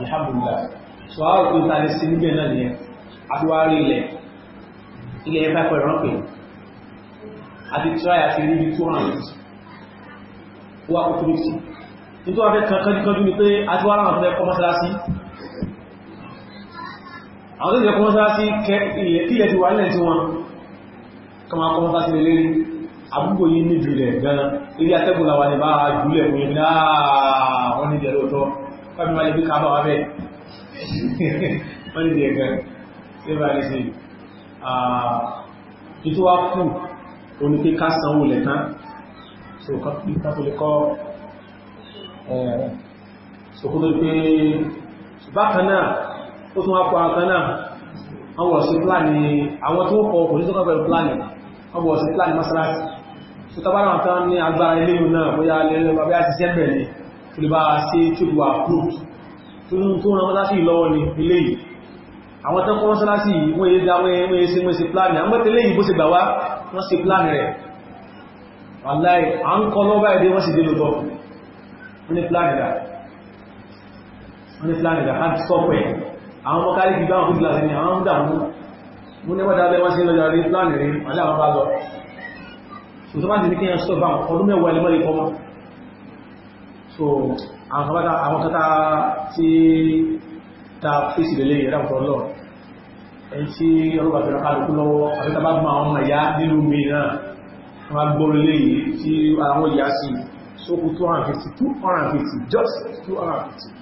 S2: alhamdulillah so a rò pé ta lè sí níbẹ̀ náà nìyẹn àtiwárí ilẹ̀ ilẹ̀ ẹ̀fẹ́ pẹ̀lú ránpẹ̀ àti tíráì àti níbi 200 wà kòkòrò sí nítorí kankan àwọn ìjọ kọmọ́ sára sí ilẹ̀ tí wà nílẹ̀ tí wọ́n kọmọ́ kọmọ́ sára sí lélẹ́rí àbúgbò yìí ní jùlẹ̀ gan ilé atẹ́gùn làwà ní bá jùlẹ̀ fún ilá wọ́n ní jẹ́ lóòtọ́ fábí wà ní bí kábà wà bẹ́ẹ̀ *laughs* wọ́n ní jẹ́ gan ṣé bá ní sí ìtò so kápẹ́lẹ́ kọ́ ó tún wá pa àkan náà wọ́n wọ̀ sí pláàni àwọn tó kọ̀ kò ní tó kọ̀ pẹ̀lú pláàni wọ́n wọ̀ sí pláàni masalasi tó tabára wọn tán ní agbára ilé ìlú náà bóyá lẹ́lẹ́ bàbá ti sẹ́bẹ̀ ni tó lè bá sí tìlú approved tó ń tó rán masalasi lọ́wọ́ ni ilé yìí àwọn tán kọ́ masalasi wọ́n yé dá wọ́n yé sí wọ́n sí pláàni àwọn tẹ́lẹ̀ yìí bó ṣe gbà wá wọ́n sí pláàni rẹ̀ wàláì à ń kọ́ lọ́wọ́ báyìí wọ́n sì àwọn ọmọ kárí ti bá àwọn fúdílà sí ni àwọn ń dàmú mú ní wọ́n dábẹ́ wọ́n sí lọ́jọ́ rí pláàni rí alẹ́ àwọn bá lọ so tó bá ti ní kí yẹn sọ bá ọdún mẹ́wàá ilé so àwọn kọta tí ta fèsì lélẹ̀ yẹ̀rẹ́ ọ̀tọ̀ lọ ẹni tí ọlọ́pàá fi rán kálukú lọ́wọ́ àbíta bá mọ àwọn ọmọ ìyá nínú mi náà wọ́n gbọ́ lélẹ̀ yìí tí àwọn ìyá sí 250 just 250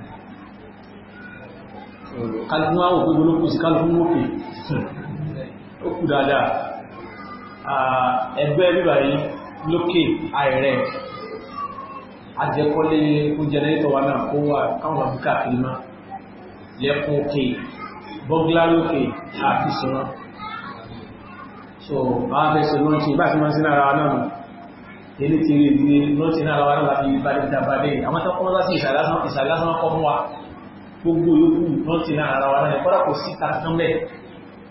S2: kálùkún wá òkú olókùn sí kálùkún lókè ó kù dáadáa ẹgbẹ́ bíbà yìí lókè àìrẹ àjẹkọ́lé kó jẹnẹ́tọ̀ wa náà kó wà káwọn àbúkà kìí má lẹ́kùn òkè bọ́gílá lókè àti sọ́rọ̀ so bá fẹ́sẹ̀ lọ́nṣe bá fi máa sí lára wa náà èlé ti rí ìdílé lọ́nṣe náà wa náà láti bá dé dábàdé àwọn tó kọ́ lọ́sí ìsàlásán kọ́ fún wa gbogbo yóò wọ́n ti náà ara wa náà kọ́lá kò sí tàbí mẹ́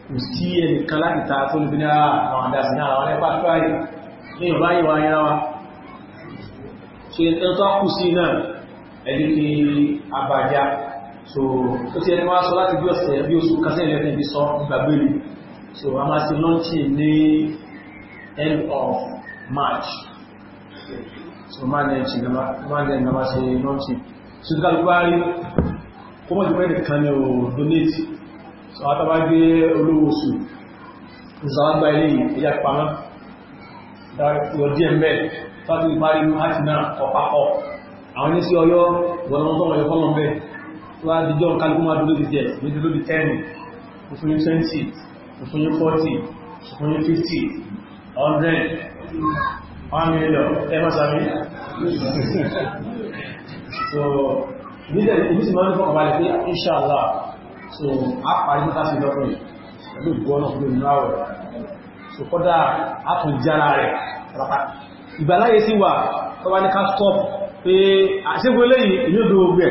S2: kò sí ẹnìkan láti ta tó lóbi náà ah, àwọn àdásí náà àwọn ẹgbà fáyì ní ọ̀bá ìwà ayá wa ṣe ẹn tó sí náà ẹni pé abàjá so ó ti ẹni wá sọ láti bí ọ̀sẹ̀ bí oṣù kásẹ̀ so a máa ṣe end of March so máa ní ẹ̀ṣìn náà máa ṣe kó mọ̀ jù mẹ́rin kan ní o donate so àtàbá gbé olówó oṣù ìzàwágbà ilé ìyá pamọ́ lọ díẹ̀ mẹ́ fàtí ìparí láti náà ọ̀pápọ̀ àwọn ní sí ọyọ́ wọ̀nà tọ́wọ̀ ẹ̀kọ́ lọ mẹ́ tó wá dìjọ́ kálùkù máa dúró dìjẹ́ méjì lóbi 10 òfin 20 òfin 40 òfin 50 100 1 million ẹmọ́sàmí *laughs* nílẹ̀ ìlú sì máa ń fọ́n so a parí ní tásí lọ́pọ̀ yìí pẹ̀lú gbọ́nà pé so kọ́dá a tún jára rẹ̀ rapa ìgbàláyé sí wà tó wá ní ká stop pé àṣẹ́gbó eléyìí ìlú òdo ogbẹ̀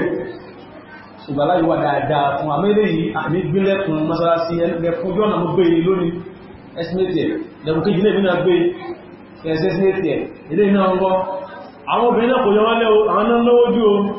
S2: ìgbàláyé wà dáadáa fún amẹ́lẹ́yìí àmì gbílẹ̀kùn mọ́sálásí ẹlẹ́kùn jọ́nà mo gbé yìí lónìí ẹsìnétì ẹ̀ lẹ́kùn kejì lè nínú agbé ẹsìnétì ẹ̀ ilé iná ọgbọ́ àwọn obìnrin náà kò yọ wọ́n lẹ́wọ́ àwọn náà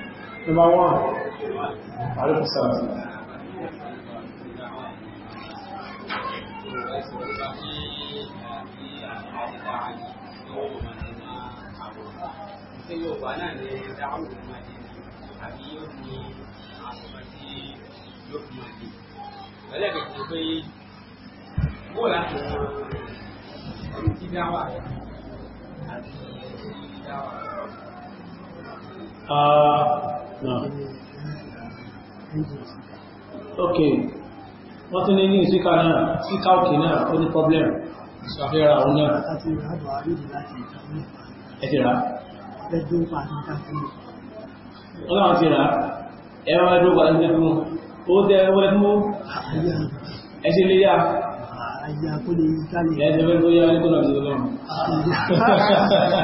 S2: Number one,
S1: Alaikum Salaam. Ṣé Ah.
S2: ok wọ́n tún ní ní síká náà síká òkè náà ó ní problem ṣàfihàn àwọn náà
S1: ẹ̀tì rà ọlọ́run ti rà
S2: ẹ̀rọ ẹ̀dùn pàdé tẹ́fún ó tẹ́ ẹ̀rọ ẹ̀dùn ẹ̀sìn lè yá
S1: àyà kó lè yí
S2: kálẹ̀ ẹ̀sìn lè yá ní kó lọ sí ọlọ́run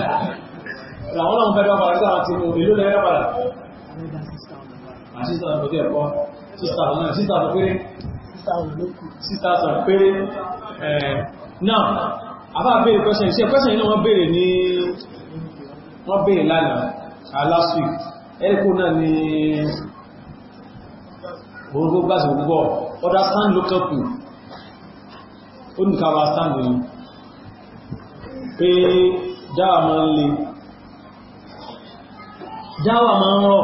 S2: *laughs* àwọn ọlọ́run fẹ́ àṣíta ọmọdé ẹ̀kọ́ sísà tó péré sísà tó péré náà àbá bèèrè pẹ́sẹ̀ iṣẹ́ pẹ́sẹ̀ iná wọ́n bèèrè ní wọ́n bèèrè lánàá uh, aláṣì ẹ́rẹ́kù náà ni orúkú gbáṣẹ̀ púpọ̀ ọdá stand local pool ó ní káwà stand ní pé dáwà máa ń le dáwà máa ń rọ̀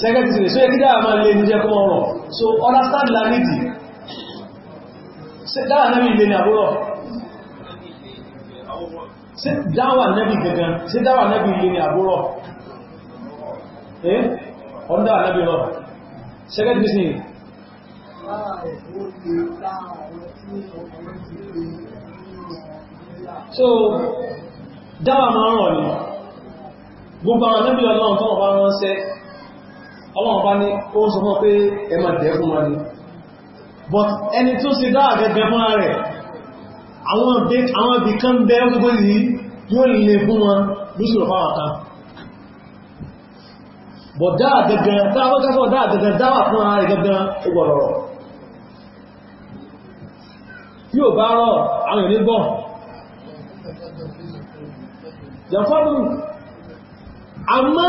S2: second thing so yẹ kí dáa máa lè ní jẹ́ kún ọ̀rọ̀ so understand la nídì dáa náà ilé ní àbúrọ̀ dáwà nẹ́bì gẹ̀gẹ̀ sí dáwà nẹ́bì ilé ní àbúrọ̀ eh ọ̀dáwà nẹ́bì lọ second thing so dáwà máa rọ̀ ní gbogbo àwọn nẹ́bì ọlọ́run tó wọ́n bá ránṣẹ́ ọlọ́run bá ní ó ń sọ mọ́ pé ẹ máa dẹ̀ fún wọn ni but ẹni tó ṣe dáa gẹ́gẹ́ fún rẹ̀ àwọn ibi kan bẹ́ gbogbo yìí yóò lè fún wọn lóṣùrọ̀ fáwọn kan bọ̀ dáa gẹ́gẹ́ dáa gẹ́gẹ́ dáa gẹ́gẹ́ dáa fún ara rẹ̀ gẹ́gẹ́ ọgbọ̀rọ̀ yóò bá rọ àwọn ìrìnbọ̀ jẹ́fọ́dún àmọ́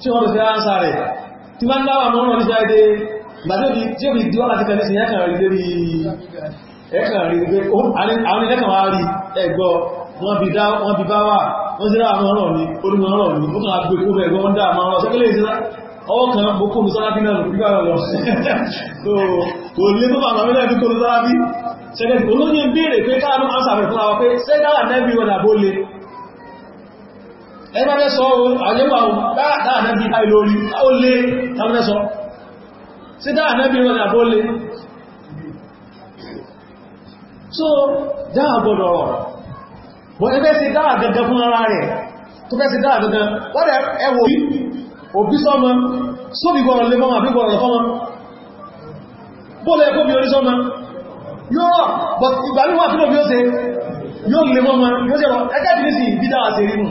S2: tí wọ́n fi ránṣà rẹ̀ tí wọ́n dáwà mọ́ wọn ní ṣáyẹ́dẹ́ gbàdébí tí ó fi di wọ́n láti kẹ́ nísìnyí ẹ̀kàn rí lérí ẹ̀kàn rí pé àwọn ẹ̀kàn wá rí ẹ̀gbọ́ wọ́n fi dá wọ́n fi bá wà wọ́n sí ráàmọ́ ọ̀rọ̀ ní olúmọ̀ ọ̀rọ̀ ní ó kàn á gbé kó bẹ̀ gbọ́n dá àmọ́ ọ̀rọ̀ sẹ́kẹ́lẹ̀ ìsinmi ọwọ́ kan bókó mi sára bí náà lórí bá lọ *laughs* kò lè tó bàbá mílẹ̀ bí kò lọ sára bí sẹ́kẹ́lẹ̀ olóyìn béèrè pé káàmù ánsà rẹ̀ fún àwọn pé sẹ́dára nẹ́bí wọn àbólé ẹgbà fẹ́ sọ àyẹ́wà dáàdẹ́bí àìlórí ó lé tàbí sọ sí dáàdẹ́bí wọn àbó lé so dáàgbọ́dọ̀ wọ́n ẹgbẹ́ sí dáàgẹ́gẹ́ fún ara rẹ̀ tó fẹ́ sí dáàgẹ́gẹ́ wọ́n ẹwọ òbí sọmọ sóbìgbọ̀rọ̀ lè mọ́ àbígbọ̀rọ̀ fọ́mọ bóòlẹ̀ ẹ̀kọ́ bí orí sọmọ yóò rọ̀ but ìgbàlúwà tí lò bí ó se yóò lè mọ́ mọ́ yóò jẹ́ rọ̀ ẹgbẹ́ bí sí ìbídáwà sí rí nù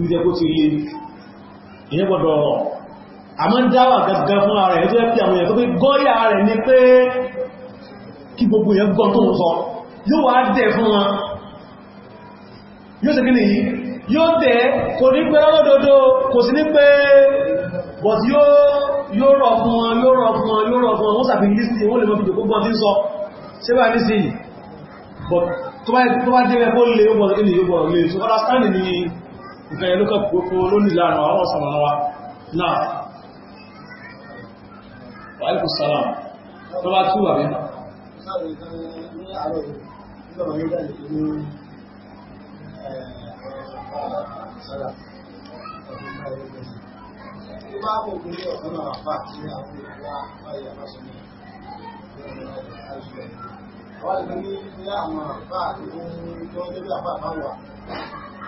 S2: níbi ẹkó ti lé ìyẹn gbọ́dọ̀ àmọ́ ń dáwà gẹ́gẹ́ fún ara ẹ̀ tó yẹ kí àwọn èèyàn tó pé gọ́yà rẹ̀ ni pé kí gbogbo èèyàn gbọ́n tó ń sọ yóò wá dẹ̀ fún wọn yóò sì kí nìyí yóò dẹ̀ kò ní pé lọ́dọ̀dọ̀ kò sí ní pé but nǹkan yẹn ló kọ́ gbogbo lónìí láàrin àwọn ọ̀sán wọn wa náà wàhálùkù sàlám tó bá tú wà mẹ́ta.
S1: Àwọn àgbẹ̀ ní àwọn àbá àti ohun tó ń débi àbá àbá wà.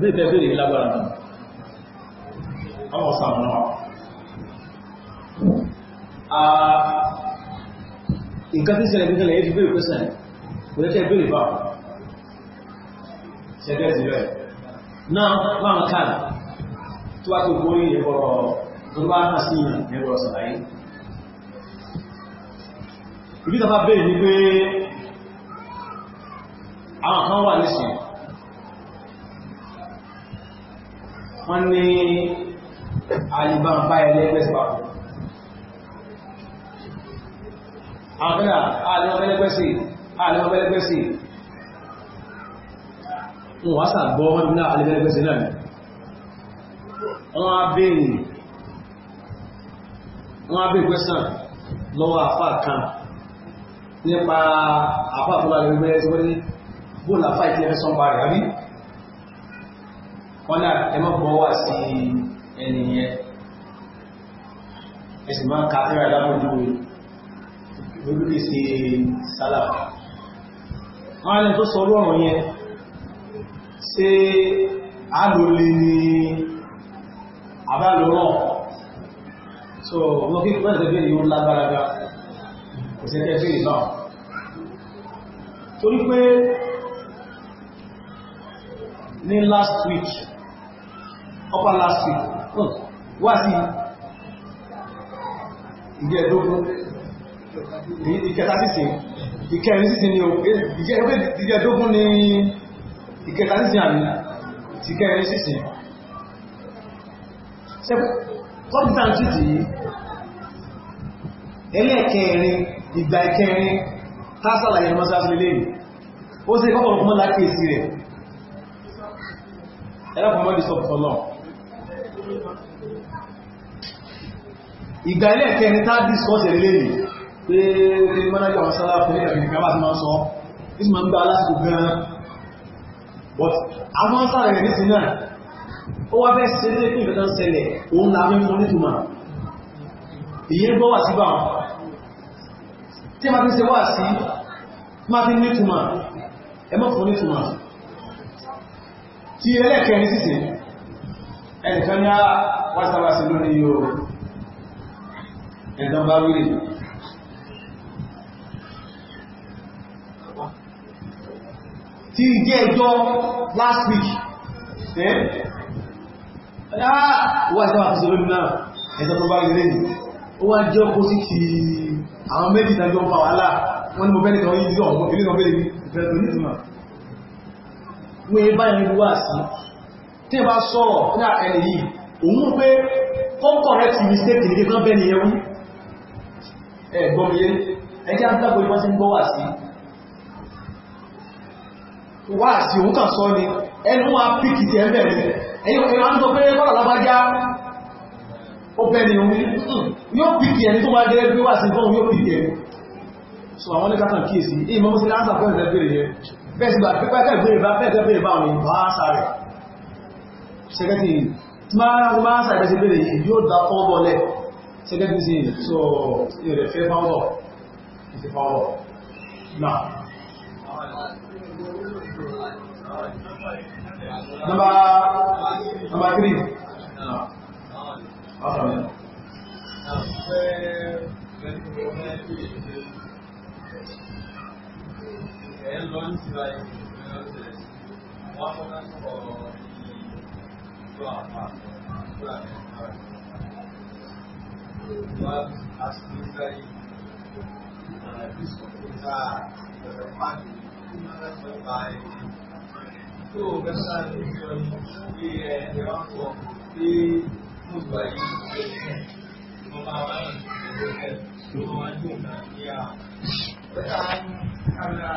S2: bí ìtẹ́bìrì lágbára náà
S1: àwọn ọ̀sàmù náà a
S2: nǹkan tí ṣẹlẹ̀ nígbẹ̀lẹ̀ yẹ́ fi bèèrè pẹ́sẹ̀ kò lẹ́kẹ́ bèèrè bá ṣẹlẹ̀ ti rẹ̀ náà láwọn káàdì tó wá tó gbórí ẹgbọ̀rọ̀ tó bá náà sí ẹgbọ̀rọ̀ sàlàyé ibi tàbá bèèrè àwọn kan wà nísìn wọ́n ní àyíbàmbá ẹlẹ́gbẹ̀síwà àwọn kan náà àlẹ́gbẹ̀sí àlẹ́gbẹ̀sí wọ́n wá sàgbọ́ wọ́n ní àlẹ́gbẹ̀sí náà wọ́n á bèèrè wọ́n á bèèrè pẹ́sàn lọ́wọ́ àfáà kan nípa àfáà fúnlá bóòlù àfá ìfẹ́ sọ́mbà rẹ̀ àbí wọ́n náà ẹmọ́ bọ́ wà sí ẹniyẹn ẹ̀sìn máa kàfẹ́rà lábójú olúlé sí sálà wọ́n alẹ́ tó sọ lọ́rọ̀ yẹn ṣe alòlè ni àbálòrọ̀ so wọ́n kí pẹ́sẹ̀ bẹ́ẹ̀ yóò lágbára gbá kò sẹ́kẹ́ sí ìbáwọn torí pé ní last week upper last week oh, wá sí ìkẹta ìkẹrin ni eh, ni ìkẹta àmì títì yìí ẹlẹ́ẹ̀kẹrin ìgbà ìkẹrin tásàlàyé mọ́sásílẹ̀ ó sì mọ́lá kéèsì rẹ̀ ẹlọ́pàá mọ́ ìsọ́ fọ́lọ́ ìgbà ilẹ̀ kẹrin tá dìskọ́sì lè lè pé kí ní mọ́nájọ́ àwọn sára fún ẹ̀kẹ́ ìgbà bá ti máa sọ ìsì máa ń gba alásìkò gan-an but àwọn sára rẹ̀ nísì náà ó wá bẹ́ẹ̀ sí ilé pé ìfẹ́tàn ṣẹlẹ̀ òun la fún nítumà ìyẹn gbọ́ wà sí bá wọn tí a máa fi ṣe wà sí máa fi nítumà ẹ mọ́ fún nítumà tí ẹlẹ́kẹ̀ẹ́ ní síse ẹnìkan ní wáṣàwáṣì lórí yóò ẹ̀dàn bá wílì tí ìjẹ́ ẹjọ́ last week ẹ́ wáṣàwáṣì lórí náà ẹ̀dàn tó bá wílì ó wá jẹ́ ọkọ̀ sí ti àwọn méjì tàbí ọmọ wàhálà wọ́n ni mo bẹ́ẹ̀ wọ́n bá yẹn wá sí tí bá sọ̀rọ̀ ní àkẹni yìí òun pé tó correct mistake ní kan bẹ́ni ẹwú ẹgbọ́mìyẹ ẹjẹ́ àtàkò ìwọ́n ti ń gbọ́ wà sí wà sí òun kàn sọ ni ẹnu wa pìkì ti ẹgbẹ̀ mi ẹ̀yìn òun máa ń sọ pé bọ́lá lábájá ó bẹ́ni òun hmm, yóò pìkì ẹni tó bá jẹ́ pé wà sí fún yóò pìkì ẹni so àwọn oníkàtàn kíyèsí èyí mọ́ sí láńsà fún ẹ̀sẹ̀ bèèrè bẹ́ẹ̀sìgbà pípẹ́kẹ́ ìbéèrè bá pẹ́ẹ̀kẹ́ béèrè bá mi máa sáré ṣẹ́gẹ́tì tí máa sáré sí béèrè yìí yóò dá fọ́ọ̀bọ̀ lẹ̀ ṣẹ́gẹ́tì sí so ìrẹ̀ fẹ́ fọ́ọ̀bọ̀
S1: ìfẹ́ fọ́ọ̀bọ̀ náà number three ọ̀sán ẹ̀ ń lọ ní síra ìgbìyànjẹ́ wọ́n fọ́nà sọ̀rọ̀ ìlú àpá ìlú àmẹ́ríkà wọ́n á sì ní sẹ́yìn àlàyé sọ̀kúta ẹ̀rọ pàdé tí wọ́n fẹ́ sọ bá ẹ̀ tó bẹ́sà ní ìjọba pé ẹ̀ ẹ̀rọ pọ̀ pé mo gbà yìí ṣe ẹ̀ mo máa wá ìṣòro ẹ̀ tó wọ́n á dùn náà ní à.